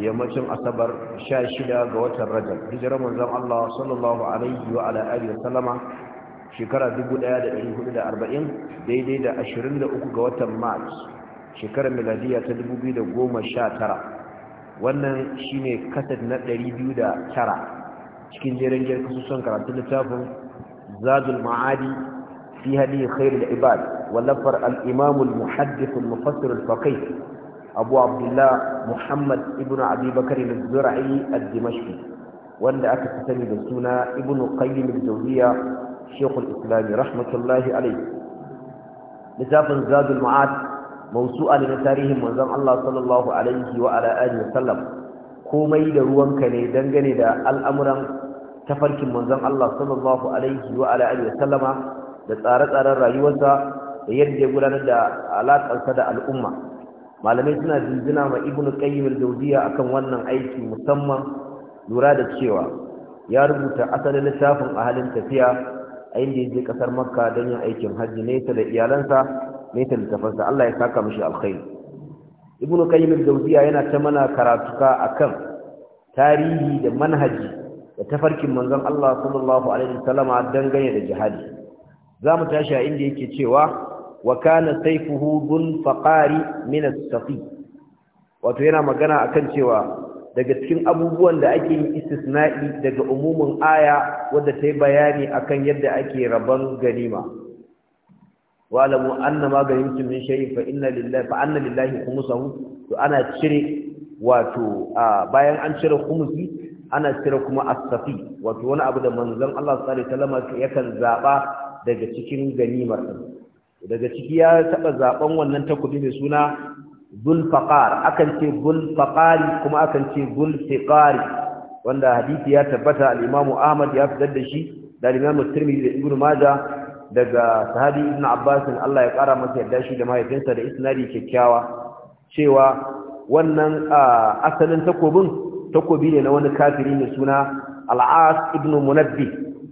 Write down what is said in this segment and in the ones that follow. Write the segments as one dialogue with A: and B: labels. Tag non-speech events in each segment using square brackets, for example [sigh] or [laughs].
A: yammacin asabar 16 ga watan rajab hijirar manzon Allah sallallahu alaihi wa ala alihi wa sallama shekara 1440 daidai da 23 ga watan mars shekarar miladiya ta 2019 wannan shine kasad na 209 cikin jerin jerin kasusun karatun littafin zadul ma'adi fi hadi khairul ibad wallafar al imamul al-muhaddith al-mufassir al-faqih abu abdullah muhammad ibn abi bakar al-zura'i al-dimashqi wanda aka fi sani da suna ibn qayyim al-jawziya shekul islami rahmatullahi alayhi littafin zadul ma'ad mawsu'a ne tarihin manzon Allah sallallahu alaihi wa ala alihi wa sallam komai da ruwanka ne dangane da al'amuran tafarkin manzon Allah sallallahu alaihi wa ala alihi sallama da tsare-tsaren rayuwarsa da yadda ya gudanar da alaƙarsa da al'umma malamai suna jinjina ma ibnu qayyim al-jawziya akan wannan aiki musamman lura da cewa ya rubuta asalin littafin a halin tafiya a inda yake kasar makka don yin aikin hajji nesa da iyalansa ne da tafansa Allah ya saka mishi alkhairi ibnu qayyim al-jawziya yana ta mana karatuka akan tarihi da manhaji da tafarkin manzon Allah sallallahu alaihi wasallam dangane da jihadi zamu tashi a inda yake cewa wakana sai sayfuhu dun faqari min as-safi wato yana magana akan cewa daga cikin abubuwan da ake yi istisna'i daga umumin aya wadda ta yi bayani akan yadda ake rabon ganima wa'alamu annama ganimtum min shay'in fa inna lillahi fa anna lillahi khumsahu to ana cire wato bayan an cire khumsi ana cire kuma as-safi wato wani abu da manzon Allah sallallahu alaihi wasallam yakan zaba daga cikin ganimar din daga ciki ya taɓa zaɓen wannan takobi mai suna zulfaƙar akan ce zulfaƙari kuma akan ce zulfiƙari wanda hadisi ya tabbata al'imamu ahmad ya fitar da shi da al'imamu turmidi da ibn maja daga sahabi ibn abbas allah ya ƙara masa yarda shi da mahaifinsa da isnadi kyakkyawa cewa wannan asalin takobin takobi ne na wani kafiri mai suna al'as ibn munabbi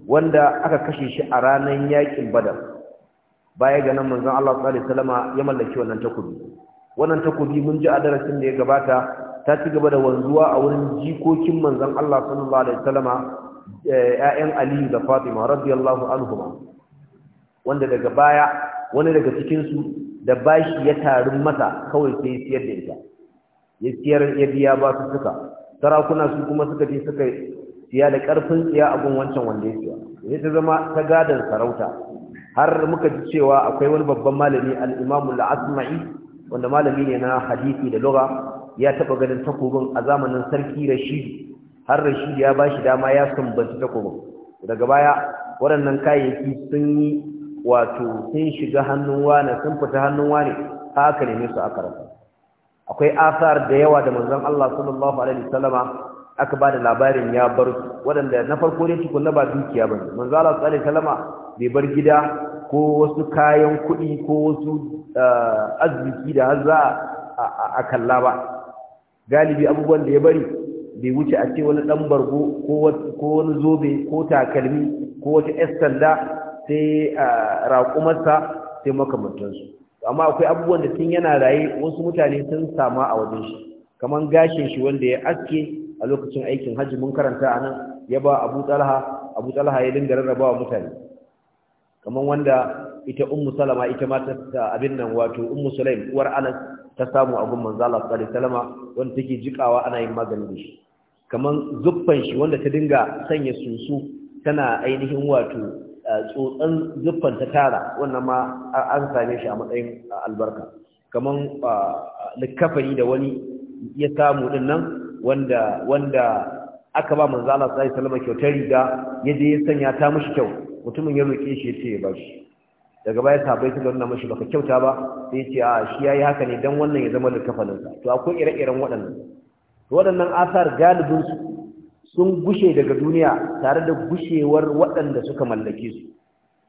A: wanda aka kashe shi a ranar yaƙin badar baya ga nan manzon Allah sallallahu alaihi wasallam ya mallaki wannan takobi wannan takobi mun ji a darasin da ya gabata ta ci gaba da wanzuwa a wurin jikokin manzon Allah sallallahu alaihi wasallam eh, ƴaƴan Ali da Fatima radiyallahu anhuma wanda daga baya wani daga cikin su da bashi ya tarin mata kawai sai siyar da ita ya siyar ya biya ba su suka sarakuna su kuma suka je suka siya da karfin tsiya abun wancan wanda ya siya sai ta zama ta gadan sarauta har muka ji cewa akwai wani babban malami al-Imam asmai wanda malami ne na hadisi da lugha ya taba ganin takobin a zamanin sarki Rashid har Rashid ya shi dama ya sumbanci takobin daga baya waɗannan kayayyaki sun yi wato sun shiga hannun wani sun fita hannun wani haka ne su aka rasa akwai asar da yawa da manzon Allah sallallahu alaihi wasallama aka ba da labarin ya bar waɗanda na farko ne tukunna ba dukiya ba manzo Allah sallallahu alaihi wasallama bai bar gida ko wasu kayan kuɗi ko wasu ah, arziki da za a kalla ba galibi abubuwan da ya bari bai wuce a ce wani ɗan bargo ko wani zobe ko takalmi ko wata ‘yar sanda sai ah, raƙumarsa sai makamantansu amma akwai abubuwan da tun yana raye wasu mutane sun sama a wajen shi kamar gashin shi wanda ya aske a lokacin aikin hajji mun karanta anan, ya ba abu talha abu talha ya dinga rarrabawa mutane kamar wanda ita ummu salama ita ma ta abin nan wato ummu sulaim uwar anas ta samu abun manzo Allah sallallahu alaihi wasallama wanda take jikawa ana yin magani da shi kaman zuffan shi wanda ta dinga sanya susu tana ainihin wato tsotsan zuffan ta tara wannan ma an same shi a matsayin albarka kaman likafari da wani ya samu din nan wanda wanda aka ba manzo Allah sallallahu alaihi wasallama kyautar riga yaje ya sanya ta mishi kyau mutumin ya roƙe shi ce ya bashi daga baya sahabbai suka nuna mashi baka kyauta ba sai ce a shi yayi haka ne dan wannan ya zama likafaninsa to akwai ire-iren waɗannan waɗannan asar galibin su sun gushe daga duniya tare da gushewar waɗanda suka mallake su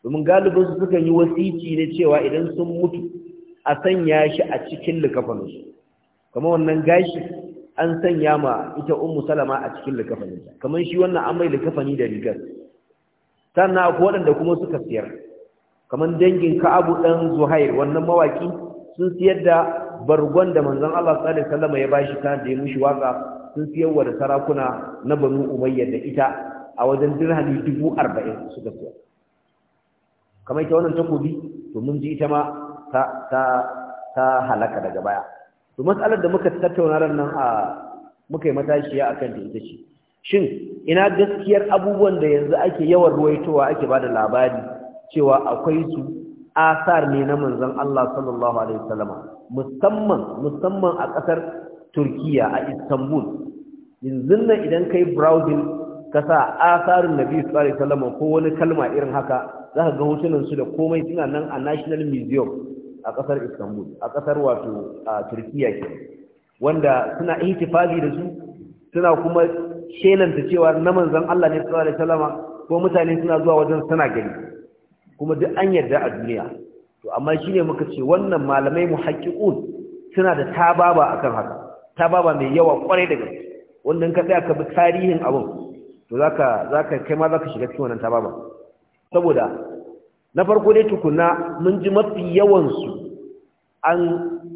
A: domin galibin su sukan yi wasici na cewa idan sun mutu a sanya shi a cikin likafaninsu kamar wannan gashi an sanya ma ita ummu salama a cikin likafaninta kamar shi wannan an mai likafani da rigar sannan akwai waɗanda kuma suka siyar kamar dangin ka'abu ɗan zuhair wannan mawaki sun siyar da bargon da manzon Allah sallallahu alaihi wasallam ya bashi kan da ya mushi waka sun siyar wa da sarakuna na Banu Umayya da ita a wajen dirhami 40 suka siyar kamar ita wannan takobi to mun ji ita ma ta ta ta halaka daga baya to mas'alar da muka tattauna ran nan a muka yi matashiya akan ta ita ce shin ina gaskiyar abubuwan da yanzu ake yawan ruwaitowa ake ba da labari cewa akwai su asar ne na manzon Allah sallallahu alaihi wasallama musamman musamman a ƙasar Turkiya a Istanbul yanzu nan idan kai browsing ka sa asarin Nabi sallallahu alaihi wasallama ko wani kalma irin haka zaka ga hotunan su da komai suna nan a National Museum a kasar Istanbul a ƙasar wato a Turkiya ke wanda suna ihtifazi da su suna kuma shelanta cewa na manzon Allah ne sallallahu alaihi wasallama ko mutane suna zuwa wajen suna gari. kuma duk an yarda a duniya to amma shine muka ce wannan malamai mu muhaqqiqun suna da tababa akan haka tababa mai yawa kwarai daga gaske wannan ka tsaya ka bi tarihin abun to zaka zaka kai ma zaka shiga cikin wannan tababa saboda na farko dai tukuna mun ji mafi yawan su an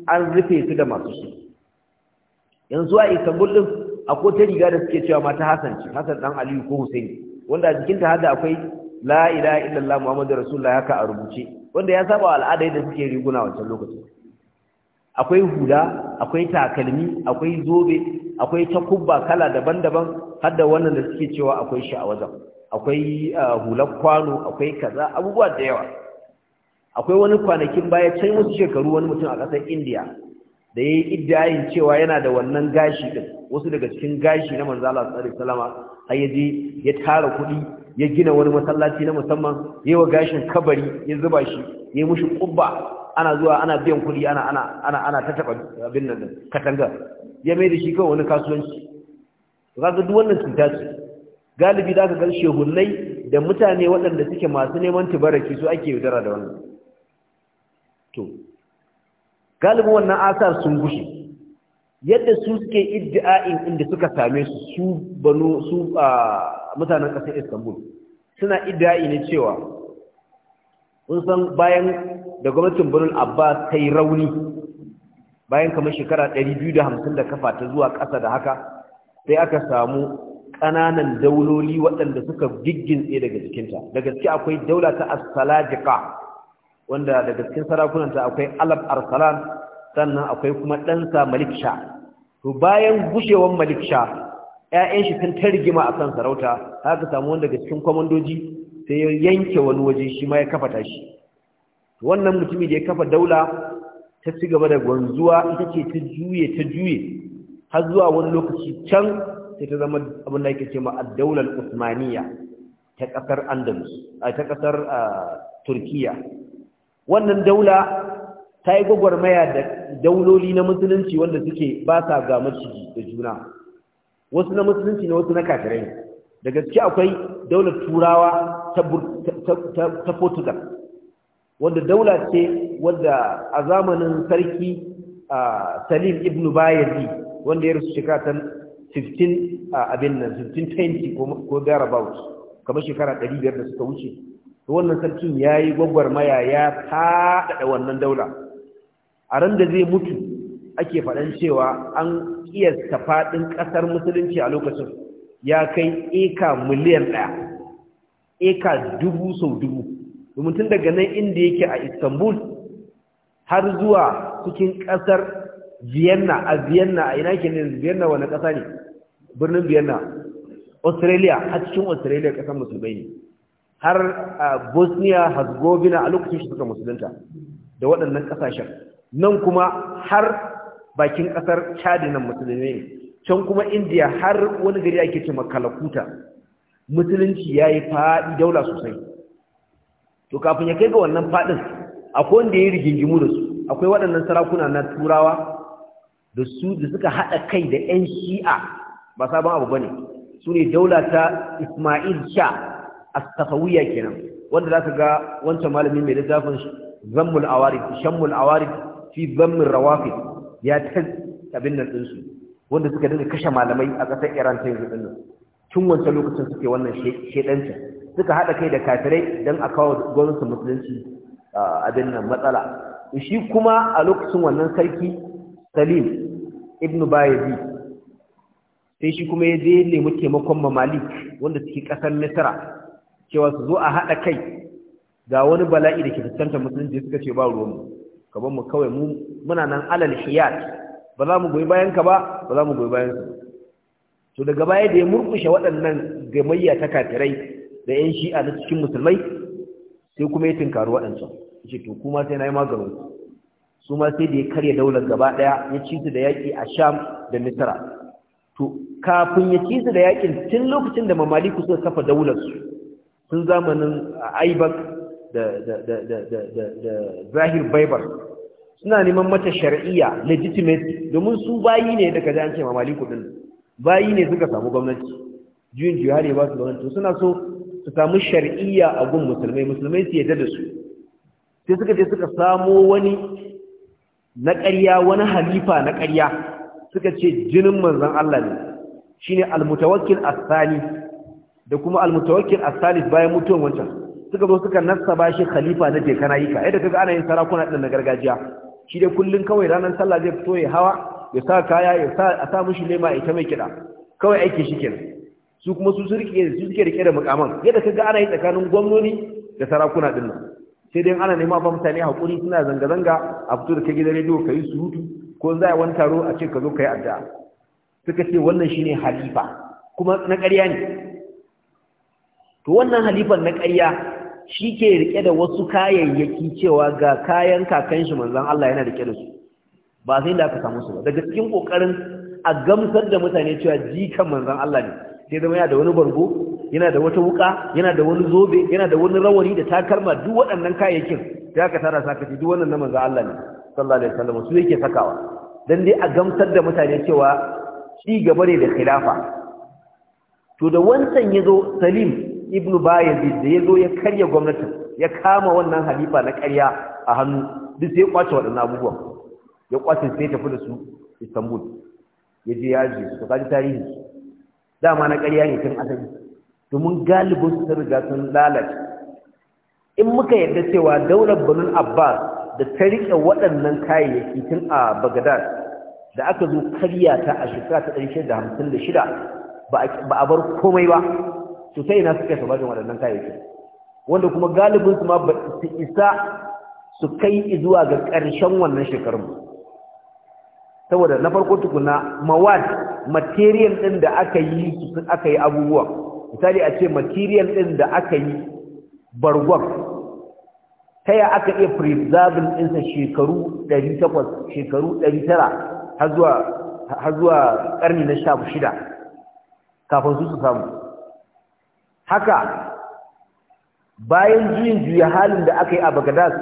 A: an rufe su da masu shi yanzu a Istanbul din akwai ta riga da suke cewa mata Hassan ce Hassan dan Aliyu ko Hussein wanda a jikinta hada akwai la ilaha illallah muhammadur rasulullah haka a rubuce wanda ya saba al'ada da suke riguna wancan lokacin akwai huda akwai takalmi akwai zobe akwai takubba kala daban-daban har da wannan da suke cewa akwai shi a wajen akwai ah, hular kwano akwai kaza abubuwa da yawa akwai wani kwanakin baya can wasu shekaru wani mutum a kasar India. da ya yi iddiyayin cewa yana da wannan gashi ɗin wasu daga cikin gashi na manzala tsari salama har yaje ya tara kuɗi ya gina wani masallaci na musamman ya wa gashin kabari ya zuba shi ya yi mushi ƙubba ana zuwa ana biyan kuɗi ana ana ana ana ta taɓa abin nan katanga ya mai da shi kawai wani kasuwanci kaga duk wannan cuta ce galibi da ka karshe hulai da mutane waɗanda suke masu neman tubaraki su ake yaudara da wannan to galibin wannan asar sun gushe yadda su suke iddi'a'in inda suka same su su bano su a mutanen ƙasar istanbul suna iddi'a'i ne cewa kun san bayan da gwamnatin banu abbas ta yi rauni bayan kamar shekara 250 da kafa ta zuwa ƙasa da haka sai aka samu ƙananan dauloli waɗanda suka tsaye daga jikinta da gaske akwai daula ta as wanda daga cikin sarakunanta akwai alab arsalan sannan akwai kuma ɗansa maliksha to bayan gushewan maliksha ‘ya'yan shi sun ta rigima a kan sarauta haka samu wanda daga cikin kwamandoji sai ya yanke wani waje shi ma ya kafa tashi wannan mutumi da ya kafa daula ta ci gaba da gwanzuwa ita ce ta juye ta juye har zuwa wani lokaci can sai ta zama abin da ke ce ma addaular usmaniya ta ƙasar andalus ta ƙasar ah, turkiya wannan daula ta yi gwagwarmaya da dauloli na musulunci wanda suke ba sa ga maciji da juna wasu na musulunci ne wasu na kafirai da gaske akwai daular turawa ta portugal wanda daula ce wadda a zamanin sarki a salim ibn bayezi wanda ya rasu shekara 15 abin nan 1520 ko garabout kamar shekara 500 da suka wuce wannan sarkin ya yi gwagwarmaya ya faɗaɗa wannan daula a ran da zai mutu ake faɗan cewa an ƙiyasta faɗin ƙasar musulunci a lokacin ya kai eka miliyan ɗaya eka dubu sau dubu domin tun daga nan inda yake a istanbul har zuwa cikin ƙasar vienna a vienna a ina ke ne vienna wani ƙasa ne birnin vienna australia a cikin australia ƙasar musulmai ne har a bosnia herzegovina a lokacin shi suka musulunta da waɗannan ƙasashen nan kuma har bakin ƙasar chadi nan musulmi ne can kuma Indiya har wani gari ake ce makalakuta musulunci ya yi faɗi daula sosai to kafin ya kai ga wannan faɗin akwai wanda ya yi rigingimu da su akwai waɗannan sarakuna na turawa da su da suka haɗa kai da 'yan shi'a ba sabon abu ba ne su ne daula ta ismail sha as-safawiyya kenan wanda zaka ga wancan malami mai littafin zammul awarif shammul awarif fi zammir rawafid ya ta abin nan din su wanda suka dinga kashe malamai a kasar Iran ta yanzu din tun wancan lokacin suke wannan shedancin suka hada kai da kafirai dan a kawo gwamnatin musulunci abin nan matsala shi kuma a lokacin wannan sarki Salim ibn Bayezid sai shi kuma ya je nemi taimakon mamalik wanda suke kasar misra cewa su zo a haɗa kai ga wani bala'i da ke fuskantar musulunci suka ce ba ruwanmu ka ban mu kawai mu muna nan alal hiyat ba za mu goyi bayan ka ba ba za mu goyi bayan su to daga baya da ya murkushe waɗannan gamayya ta kafirai da yan shi'a na cikin musulmai sai kuma ya tunkaru waɗancan ce to kuma sai na yi maganin su ma sai da ya karya daular gaba ɗaya ya ci su da yaƙi a sham da misra to kafin ya ci su da yaƙin tun lokacin da mamaliku suka kafa daular su sun zamanin aibak da zahir baibar suna neman mata shari'a legitimate domin su bayi ne daga an ce mamali kudin bayi ne suka samu gwamnati juyin juya ne ba su gwamnati suna so su samu shari'a a gun musulmai musulmai su yadda da su sai suka je suka samo wani na ƙarya wani halifa na ƙarya suka ce jinin manzan Allah ne shine almutawakkil as-sani da kuma almutawakkil as-salis bayan mutuwan wancan suka zo suka nassaba shi khalifa na je kana yika yadda kaga ana yin sarakuna din na gargajiya shi dai kullun kawai ranar sallah zai fito ya hawa ya sa kaya ya sa a sa mishi lema ita mai kida kawai aiki shi kenan su kuma su su rike su suke rike da mukaman yadda kaga ana yi tsakanin gwamnoni da sarakuna din nan sai dai ana nema ba mutane hakuri suna zanga zanga a fito da kai gidan rediyo kai hutu, ko za a wani taro a ce ka zo kai addu'a suka ce wannan shine halifa kuma na ƙarya ne to wannan halifan na ƙarya shi ke rike da wasu kayayyaki cewa ga kayan kakan shi manzan Allah yana rike da su ba sai da aka samu su ba daga cikin kokarin a gamsar da mutane cewa jikan manzan Allah ne sai zama yana da wani bargo yana da wata wuka yana da wani zobe yana da wani rawani da takarma duk waɗannan kayayyakin sai aka tara ce duk wannan na manzan Allah ne sallallahu alaihi wasallam su yake sakawa dan dai a gamsar da mutane cewa ci gaba ne da khilafa to da wancan yazo Salim ibnu bayazid da yazo ya karya gwamnatin ya kama wannan halifa na ƙarya a hannu duk sai ya kwace waɗannan abubuwan ya kwace sai tafi da su Istanbul ya je yaji su kaji tarihi dama na ƙarya ne tun asali domin galibin sun riga sun lalace in muka yarda cewa daular banin Abbas da ta rike waɗannan kayayyaki tun a Baghdad da aka zo karya ta a shekara ta 1956 ba a bar komai ba to sai ina suka sabajin waɗannan kayayyaki wanda kuma galibin su ma ba su isa su kai zuwa ga ƙarshen wannan shekarun saboda na farko tukuna mawad material din da aka yi su aka yi abubuwa misali a ce material din da aka yi bargon ta aka iya preserving ɗinsa shekaru 800 shekaru 900 har zuwa ƙarni na 16 kafin su su samu haka bayan juyin juya halin da aka yi a Baghdad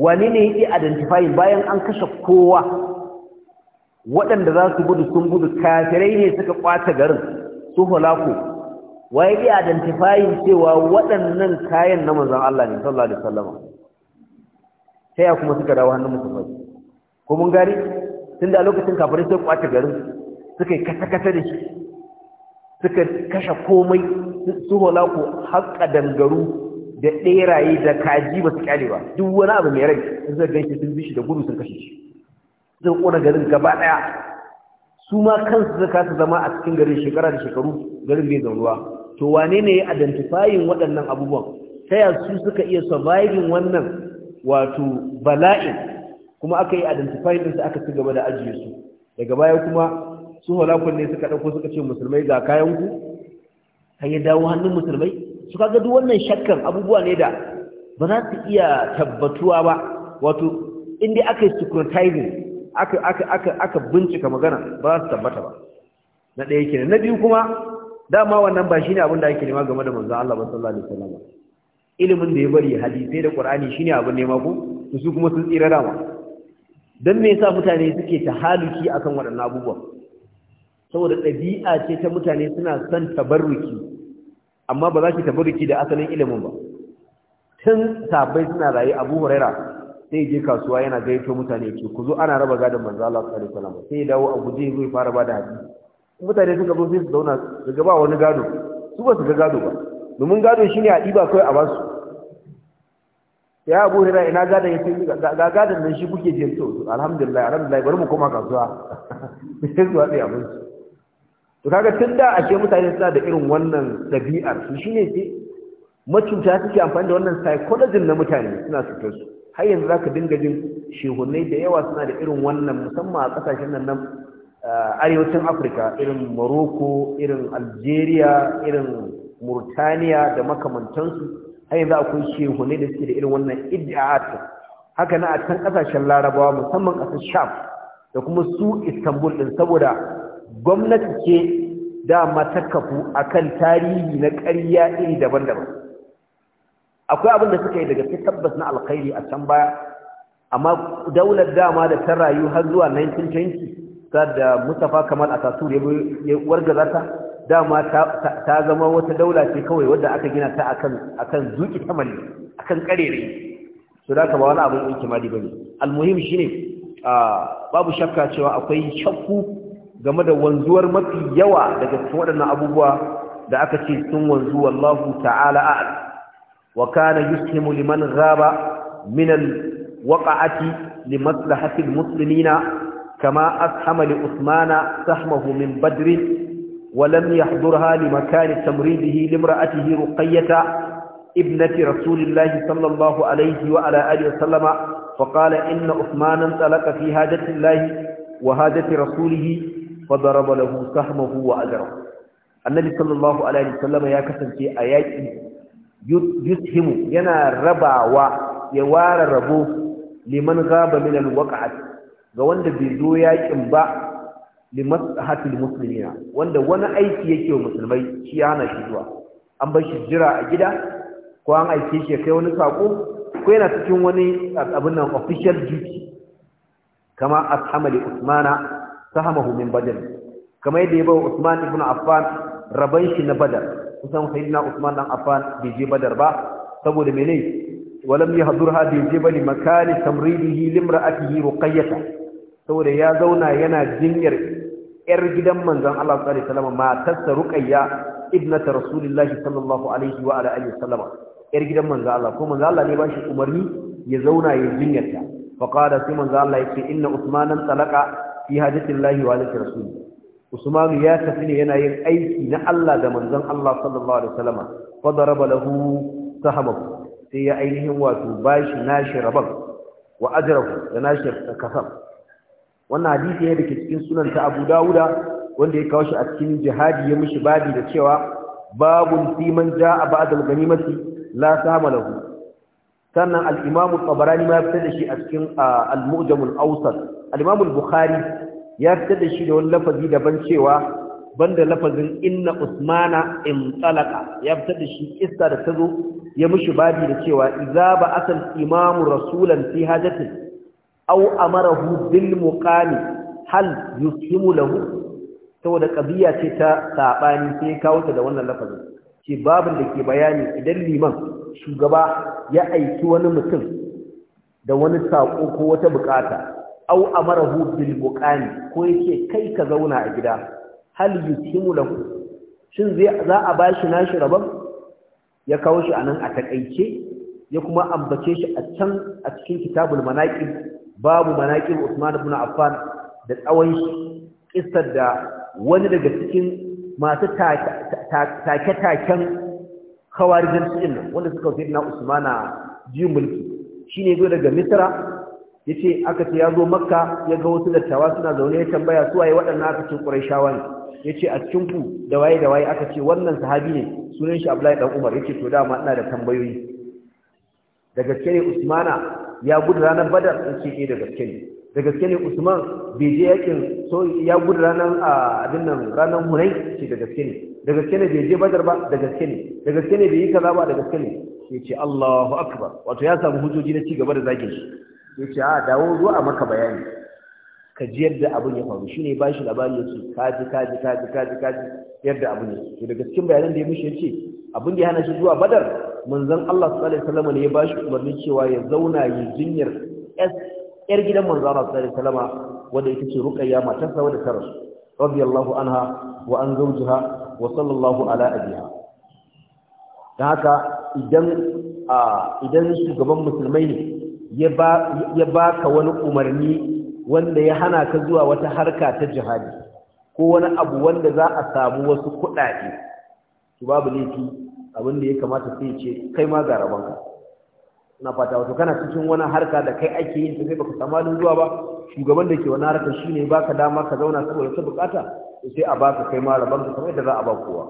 A: wani ne yake identify bayan an kashe kowa waɗanda za su gudu sun gudu kafirai ne suka kwata garin su hulaku waye yake identify cewa waɗannan kayan na manzon Allah ne sallallahu alaihi wasallam sai kuma suka dawo hannun musulmai ko mun gari tunda a lokacin kafirai sai kwata garin suka yi kasa-kasa da shi suka kashe komai su holako haƙa dangaru da ɗeraye da kaji ba su ƙyale ba duk wani abu mai rai sun zai gaishe sun bishi da gudu sun kashe shi zai ƙona garin gaba ɗaya su ma kansu zai kasa zama a cikin garin shekara da shekaru garin bai zaunuwa to wane ne ya identifying waɗannan abubuwan ta ya su suka iya surviving wannan wato bala'in kuma aka yi identifying ɗinsu aka ci gaba da ajiye su daga baya kuma su halakun ne suka ɗauko suka ce musulmai ga ku? Ka ya dawo hannun musulmai su kaga duk wannan shakkan abubuwa ne da ba za su iya tabbatuwa ba wato inda aka yi scrutinizing aka aka aka bincika magana ba za su tabbata ba na ɗaya kenan na biyu kuma dama wannan ba shine abin da ake nema game da manzon Allah sallallahu alaihi wasallam ilimin da ya bari hadisi da Qur'ani shine abin nema ko su kuma sun tsira dama dan me yasa mutane suke tahaluki akan waɗannan abubuwan saboda ɗabi'a ce ta mutane suna son tabarruki amma ba za ki tabarruki da asalin ilimin ba tun sabai suna rayu abu huraira sai je kasuwa yana gaito mutane ke ku zo ana raba gadon manzo Allah sallallahu alaihi wasallam sai ya dawo a guje zai fara ba da haji mutane sun gabo sai su zauna su gaba wani gado su ba su ga gado ba domin gado shine a diba kai a basu ya abu hira ina gadon ya sai ga gadon nan shi kuke je to alhamdulillah alhamdulillah bari mu koma kasuwa [laughs] sai zuwa sai abinci to kaga tun da ake mutane suna da irin wannan dabi'ar su shine ce macuta suke amfani da wannan psychology na mutane suna sutar su har yanzu zaka dinga jin shehunai da yawa suna da irin wannan musamman a kasashen nan nan eh, arewacin Afirka irin Morocco irin Algeria irin Murtaniya da makamantansu har yanzu akwai shehunai da suke da irin wannan iddia'at haka na a can kasashen Larabawa musamman kasar Sham da kuma su Istanbul din saboda gwamnati ce dama ta kafu akan tarihi na ƙarya iri daban-daban akwai abin da suka yi daga sai tabbas na alkhairi a can baya amma daular dama da ta rayu har zuwa 1920 da Mustapha Kamal Ataturk ya wargaza ta dama ta zama wata daula ce kawai wadda aka gina ta akan akan zuki mali akan karere su da ka ba wani abin ikimadi bane almuhim shine ah, babu shakka cewa akwai shakku game da wanzuwar mafi yawa daga cikin waɗannan abubuwa da aka ce sun wanzu wallahu ta'ala a'lam wa kana yushimu liman ghaba min al li maslahati al kama ashama li usmana sahmahu min badr wa lam yahdurha li makan tamridihi li imra'atihi ruqayyah Ibnati رسول sallallahu صلى wa عليه وعلى آله وسلم فقال إن عثمانا انطلق في هاجة الله وهاجة رسوله fa daraba lahu sahmahu wa ajrahu annabi sallallahu alaihi wasallam ya kasance a yaki yuthimu yana rabawa ya ware rabo liman gaba ga wanda bai zo yakin ba limaslahatil muslimina wanda wani aiki yake wa musulmai shi yana shi zuwa an bar shi jira a gida ko an aike shi kai wani sako ko yana cikin wani abin nan official duty kama ashamali usmana sahamahu min badr kamar yadda ya ba Usman ibn Affan raban shi na badar kusan sayyidina Usman dan Affan bai je badar ba saboda mene walam yahdurha bi jibali makani tamridihi limra'atihi ruqayyah saboda ya zauna yana jinyar yar gidan manzon Allah sallallahu alaihi wasallam matarsa ruqayya ibnata rasulillahi sallallahu alaihi wa ala alihi wasallam yar gidan manzon Allah ko manzon Allah ne ba shi umarni ya zauna ya jinyarta fa qala sai manzon Allah yace inna usmanan talaqa fi hajjatillahi wa alaihi rasul usman ya tafi ne yana yin aiki na Allah da manzon Allah sallallahu alaihi wasallama fa daraba lahu sai ya ainihin wato bashi nashi rabar, wa ajrahu da nashi kasam wannan hadisi ne dake cikin sunan ta Abu Dawuda wanda ya kawo shi a cikin jihadi ya mishi babi da cewa babun siman ja a ba'dal ganimati la sama lahu sannan al-Imam Tabarani ma ya fitar da shi a cikin al-Mu'jam awsat Alimamul bukhari ya fitar da shi da wani lafazi daban cewa banda lafazin inna usmana in talaka ya fitar da shi isa da tazo ya mishi babi da cewa idza ba asal imamu rasulan fi hajatin aw amarahu bil muqami hal yusimu lahu saboda kabiya ce ta sabani sai ya kawo ta da wannan lafazin ce babin da ke bayani idan liman shugaba ya aiki wani mutum da wani sako ko wata bukata au amarahu bil buqani ko yake kai ka zauna a gida hal yutimu lahu shin zai za a bashi nashi rabon ya kawo shi anan a takaice ya kuma ambace shi a can a cikin kitabul manaqib babu manaqib Usman ibn Affan da tsawon shi kissar da wani daga cikin masu take-taken khawarijin nan wanda suka fi na Usmana ji mulki shine zo daga Misra yace aka ce ya zo makka ya ga wasu dattawa suna zaune ya tambaya su waye waɗannan aka ce qurayshawa ne yace a cikin ku da waye da waye aka ce wannan sahabi ne sunan shi abdullahi dan umar yace to dama ina da tambayoyi da gaske ne usmana ya gudu ranar badar yace eh da gaske ne da gaske ne usman bai je yakin so ya gudu ranar abin nan ranar hunai ce da gaske ne da gaske ne bai je badar ba da gaske ne da gaske ne bai yi kaza ba da gaske ne yace Allahu akbar wato ya samu hujjoji na ci gaba da zagin shi ya ce a dawo zo a maka bayani ka ji yadda abin ya faru shine ba shi labari ya ce kaji kaji kaji kaji kaji yadda abin ya ce daga cikin bayanan da ya mishi ya ce abin da ya hana shi zuwa badar manzon Allah sallallahu alaihi wasallam ne ya ba shi umarni cewa ya zauna yi jinyar yar gidan manzon Allah sallallahu alaihi wasallam wanda ita ce Ruqayya matarsa wadda ta rasu radiyallahu anha wa an zawjiha wa sallallahu ala abiha dan haka idan idan shugaban musulmai ne ya baka wani umarni wanda ya hana ka zuwa wata harka ta jihadi ko wani abu wanda za a samu wasu kuɗaɗe to babu laifi abin da ya kamata sai ce kai ma ga rabanka ina fata wato kana cikin wani harka da kai ake yin sai baka samu halin zuwa ba shugaban da ke wani harka shine baka dama ka zauna saboda ta bukata sai a baka kai ma rabanka kamar yadda za a ba kowa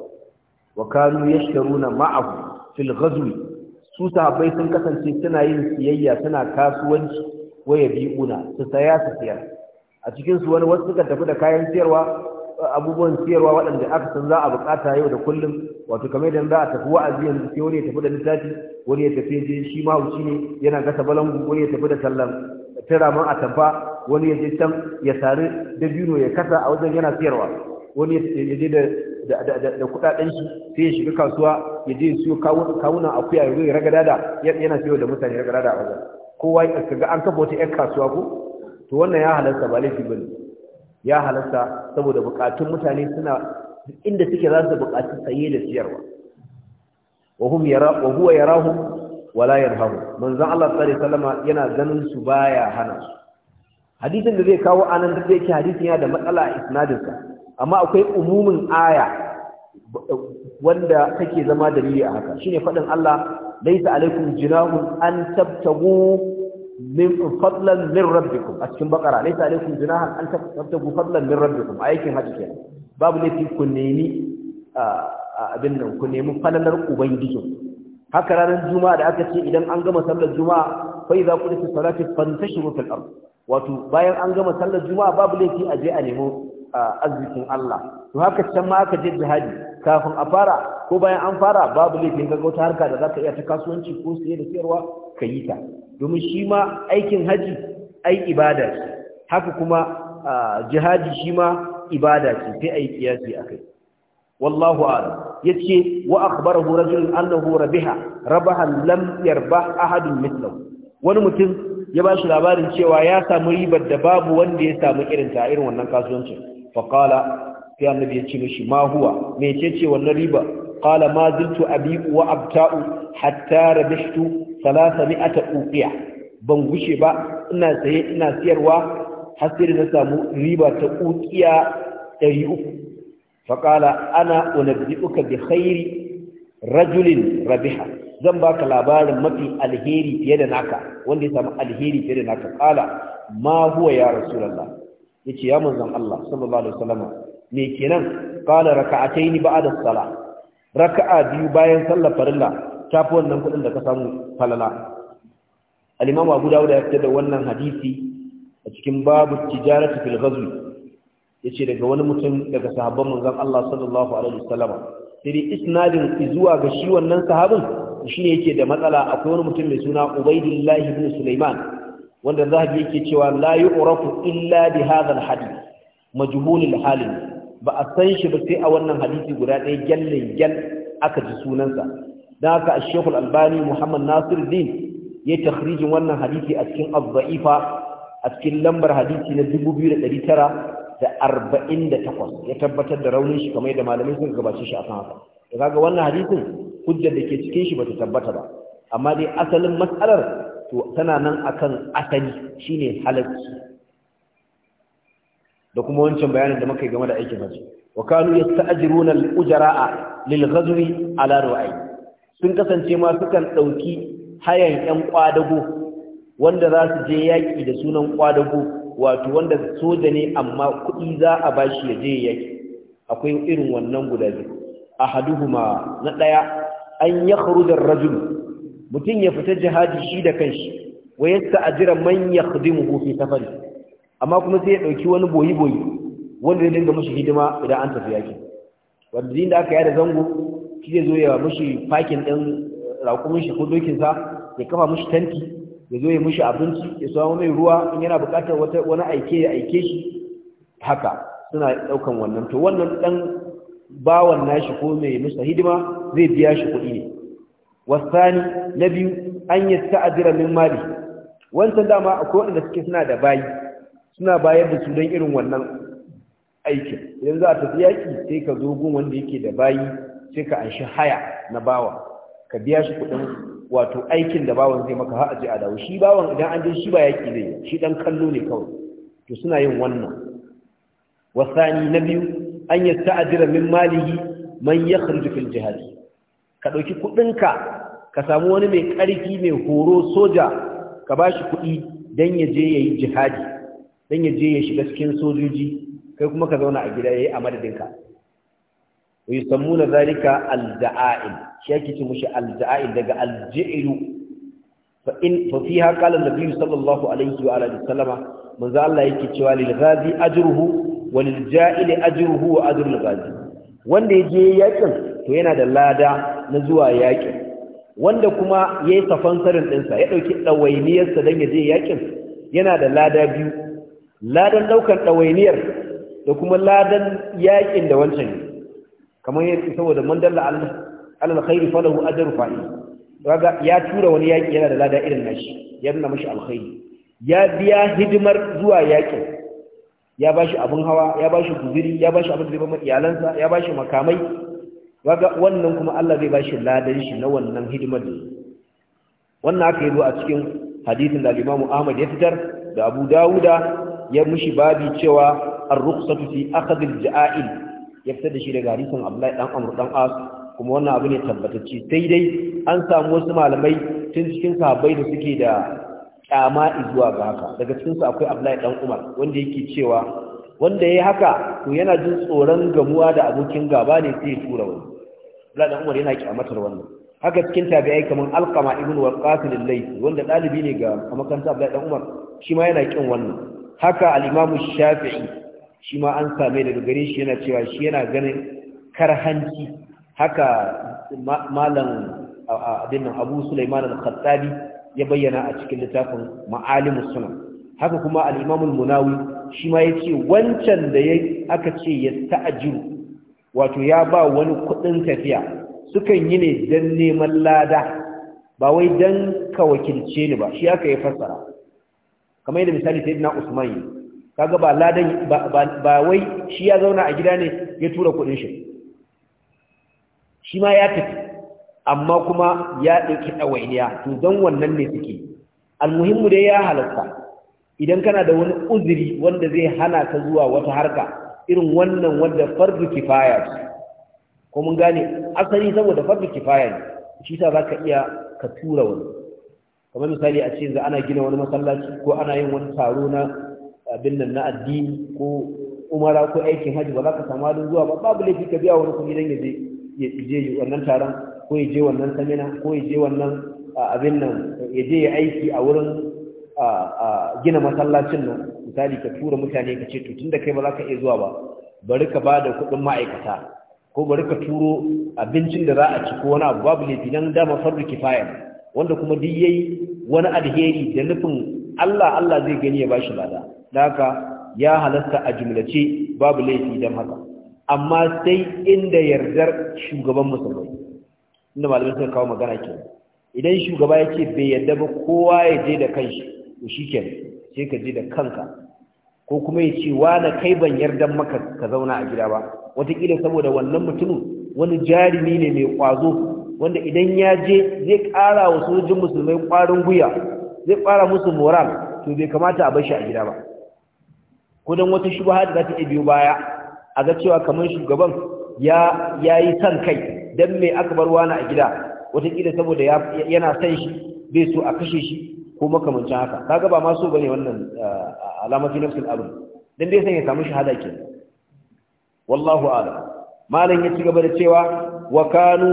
A: wa kanu yashtaruna ma'ahu fil ghazwi su sahabbai sun kasance suna yin siyayya suna kasuwanci waya una su saya su siyar a cikin su wani wasu suka tafi da kayan siyarwa abubuwan siyarwa waɗanda aka san za a bukata yau da kullum wato kamar idan za a tafi wa'azi yanzu sai wani ya tafi da littafi wani ya tafi je shi mahauci ne yana gasa balangu wani ya tafi da tallan tiraman atamfa wani ya je can ya sari dabino ya kasa a wajen yana siyarwa wani ya je da da kudaden shi sai ya shiga kasuwa ya je siyo kawunan akuya ya zai ragada da yana siyo da mutane ragada da wajen kowa ya kaga an kafa wata 'yan kasuwa ko to wannan ya halarta ba laifi bane ya halarta saboda bukatun mutane suna inda suke za su bukaci saye da siyarwa wa hum yara wa huwa yarahum wala yarhamu manzon Allah sallallahu alaihi yana ganin su baya hana su hadisin da zai kawo anan da zai yake hadisin ya da matsala a isnadinsa amma akwai umumin aya wanda take zama dalili a haka shine fadin Allah laysa alaikum jinahun an tabtagu min fadlan min rabbikum a cikin bakara laysa alaikum jinahun an tabtagu fadlan min rabbikum ayakin haji babu ne ku nemi abin nan ku nemi ubangiji haka ranar juma'a da aka ce idan an gama sallar juma'a fa idza qultu salati fantashiru fil ard wato bayan an gama sallar juma'a babu laifi a je a nemo arzikin Allah to haka can ma aka je jihadi kafin a fara ko bayan an fara babu laifin ga wata harka da zaka iya ta kasuwanci ko saye da sayarwa ka yi ta domin shi ma aikin haji ai ibada ce haka kuma jihadi shi ma ibada ce sai yi kiyasi kai. wallahu a'lam yace wa akhbarahu rajulun annahu rabiha rabahan lam yarbah ahadun mithlahu wani mutum ya ba shi labarin cewa ya samu ribar da babu wanda ya samu irin ta irin wannan kasuwancin faƙala sai annabi ya ce mishi ma huwa mece ce wannan riba qala ma ziltu abiu wa abta'u hatta rabishtu 300 uqiya ban gushe ba ina saye ina siyarwa har sai na samu riba ta uqiya 300 faqala ana unabbi'uka bi khairi rajulin rabiha zan baka labarin mafi alheri fiye da naka wanda ya samu alheri fiye da naka qala ma huwa ya rasulullah yace ya manzon Allah sallallahu alaihi wasallam me kenan qala raka'ataini ba'da as-salah raka'a biyu bayan sallar farilla tafi wannan kudin da ka samu falala al-imam Abu Dawud ya fitar da wannan hadisi a cikin babu tijarati fil ghazwi yace daga wani mutum daga sahabban manzon Allah sallallahu alaihi wasallam sai isnadin zuwa ga shi wannan sahabin shine yake da matsala akwai wani mutum mai suna Ubaidillah ibn Sulaiman wanda zahabi yake cewa la yu'rafu illa bi hadha al-hadith majhulul ba a san shi ba sai a wannan hadisi guda ɗaya gyalle gyal aka ji sunansa dan haka ash-shaykh al-albani muhammad din ya takhrijin wannan hadisi a cikin az-za'ifa a cikin lambar hadisi na 2948 ya tabbatar da raunin shi kamar yadda malamai suka gabace shi akan haka kaga wannan hadisin hujjar da ke cikin shi bata tabbata ba amma dai asalin matsalar to tana nan akan asali shine halacci da kuma wancan bayanin da muka yi game da aikin haji wa kanu yasta'jiruna al-ujara'a lil ghazwi ala ru'ay sun kasance ma sukan dauki hayan yan kwadago wanda za su je yaki da sunan kwadago wato wanda soja ne amma kuɗi za a bashi ya je yaki akwai irin wannan guda biyu ahaduhuma na daya an yakhruja ar-rajul mutum ya fita jihadi shi da kanshi wa yasta'jira man yakhdimuhu fi safari amma kuma sai ya dauki wani boyi boyi wanda zai dinga mishi hidima idan an tafi yaki wanda din da aka yada zango shi zai zo ya mishi fakin din eh, raƙumin shi ko dokin sa ya kafa mishi tanti ya zo ya mishi abinci ya samu mai ruwa in yana buƙatar wata wani aike ya aike shi haka suna daukan wannan to wannan dan bawan nashi ko mai masa hidima zai biya shi kuɗi ne wasani na biyu an yi ta'adira min mali wancan akwai wanda suke suna da bayi suna bayar da su don irin wannan aikin idan za a tafi yaƙi sai ka zo wanda yake da bayi sai ka anshi haya na bawa ka biya shi kuɗin wato aikin da bawan zai maka har aje a dawo shi bawan idan an je shi ba yaƙi ne shi dan kallo ne kawai to suna yin wannan wasani na biyu an yasta'dira min malihi man yakhruju fil ka ɗauki kuɗinka ka samu wani mai ƙarfi mai horo soja ka ba shi kuɗi don ya je ya yi jihadi don ya je ya shiga cikin sojoji kai kuma ka zauna a gida ya yi a madadinka wai sammu na zarika alja'a'il shi ake ce mushi alja'a'il daga alji'ilu fa fi ha da nabiyyu sallallahu alaihi wa alihi wasallama manzo Allah yake cewa lil ghazi ajruhu wa lil ja'il ajruhu wa ajrul ghazi wanda yake yakin to yana da lada na zuwa yaƙi wanda kuma ya yi sarin ɗinsa ya ɗauki ɗawainiyarsa don ya je yaƙin yana da lada biyu ladan ɗaukar ɗawainiyar da kuma ladan yaƙin da wancan kamar yadda saboda man dalla alkhairu falahu ajru fa'i kaga ya tura wani yaƙi yana da lada irin nashi ya nuna mashi alkhairi ya biya hidimar zuwa yaƙin ya bashi shi abin hawa ya bashi shi guziri ya ba shi abin da zai iyalansa ya ba shi makamai waga wannan kuma Allah zai bashi ladan shi na wannan hidimar da wannan aka yi zo a cikin hadisin da Imam Ahmad ya fitar da Abu Dawuda ya mushi babi cewa ar-rukhsatu fi akhd al-ja'il ya fita da shi daga hadisin Abdullahi dan Amr dan As kuma wannan abu ne tabbatacce sai dai an samu wasu malamai tun cikin sahabbai da suke da kyama zuwa ga haka daga cikin su akwai Abdullahi dan Umar wanda yake cewa wanda yayi haka to yana jin tsoron gamuwa da abokin gaba ne sai ya tura wani Abdullahi Umar yana kyamatar wannan haka cikin tabi'ai kaman alkama ibn Waqqas al wanda dalibi ne ga makaranta Abdullahi Umar shi ma yana kin wannan haka al-Imam Shafi'i shi ma an same daga gare shi yana cewa shi yana ganin karhanci haka malam abin Abu Sulaiman al-Khattabi ya bayyana a cikin littafin Ma'alimus Sunan haka kuma Alimamin munawi shi ma ya ce wancan da aka ce ya ta'ajiru wato ya ba wani kuɗin tafiya sukan yi ne don neman lada ba wai don ka wakilce ni ba shi aka yi fassara kamar yadda misali sai na usman yi kaga ba ladan ba wai shi ya zauna a gida ne ya tura kuɗin shi shi ma ya tafi amma kuma ya ɗauki ɗawainiya to don wannan ne suke almuhimmu dai ya halatta idan kana da wani uzuri wanda zai hana ka zuwa wata harka irin wannan wanda fardu kifaya ce ko mun gane asali saboda fardu kifaya ne shi sa zaka iya ka tura wani kamar misali a ce ana gina wani masallaci ko ana yin wani taro na abin nan na addini ko umara ko aikin haji ba za ka samu halin zuwa ba babu laifi ka biya wani kuɗi dan ya je ya je wannan taron ko ya je wannan samina ko ya je wannan abin nan ya je ya aiki a wurin gina masallacin nan misali ka tura mutane ka ce to tunda kai ba za ka iya zuwa ba bari ka bada kuɗin ma'aikata ko bari ka turo abincin da za a ci ko wani abu babu laifi dan dama fardu kifaya wanda kuma duk yayi wani alheri da nufin Allah Allah zai gani ya bashi lada haka ya halatta a jumlace babu laifi dan haka amma sai inda yardar shugaban musulmai inda malamai suka kawo magana kenan idan shugaba yake bai yarda ba kowa ya je da kanshi to shikenan sai ka ji da kanka ko kuma ya ce na kai ban yarda maka ka zauna a gida ba wataƙila saboda wannan mutumin wani jarumi ne mai ƙwazo wanda idan ya je zai ƙara wa sojin musulmai kwarin guya zai ƙara musu moral to bai kamata a bar shi a gida ba ko don wata shubha da za ta iya biyo baya a ga cewa kamar shugaban ya yayi san kai dan me aka bar wani a gida wataƙila saboda yana san shi bai so a kashe shi ko makamancin haka kaga ba ma so bane wannan eh, alamati nafsul abin dan dai san ya samu shahada ke wallahu a'lam malam ya ci gaba da cewa wa kanu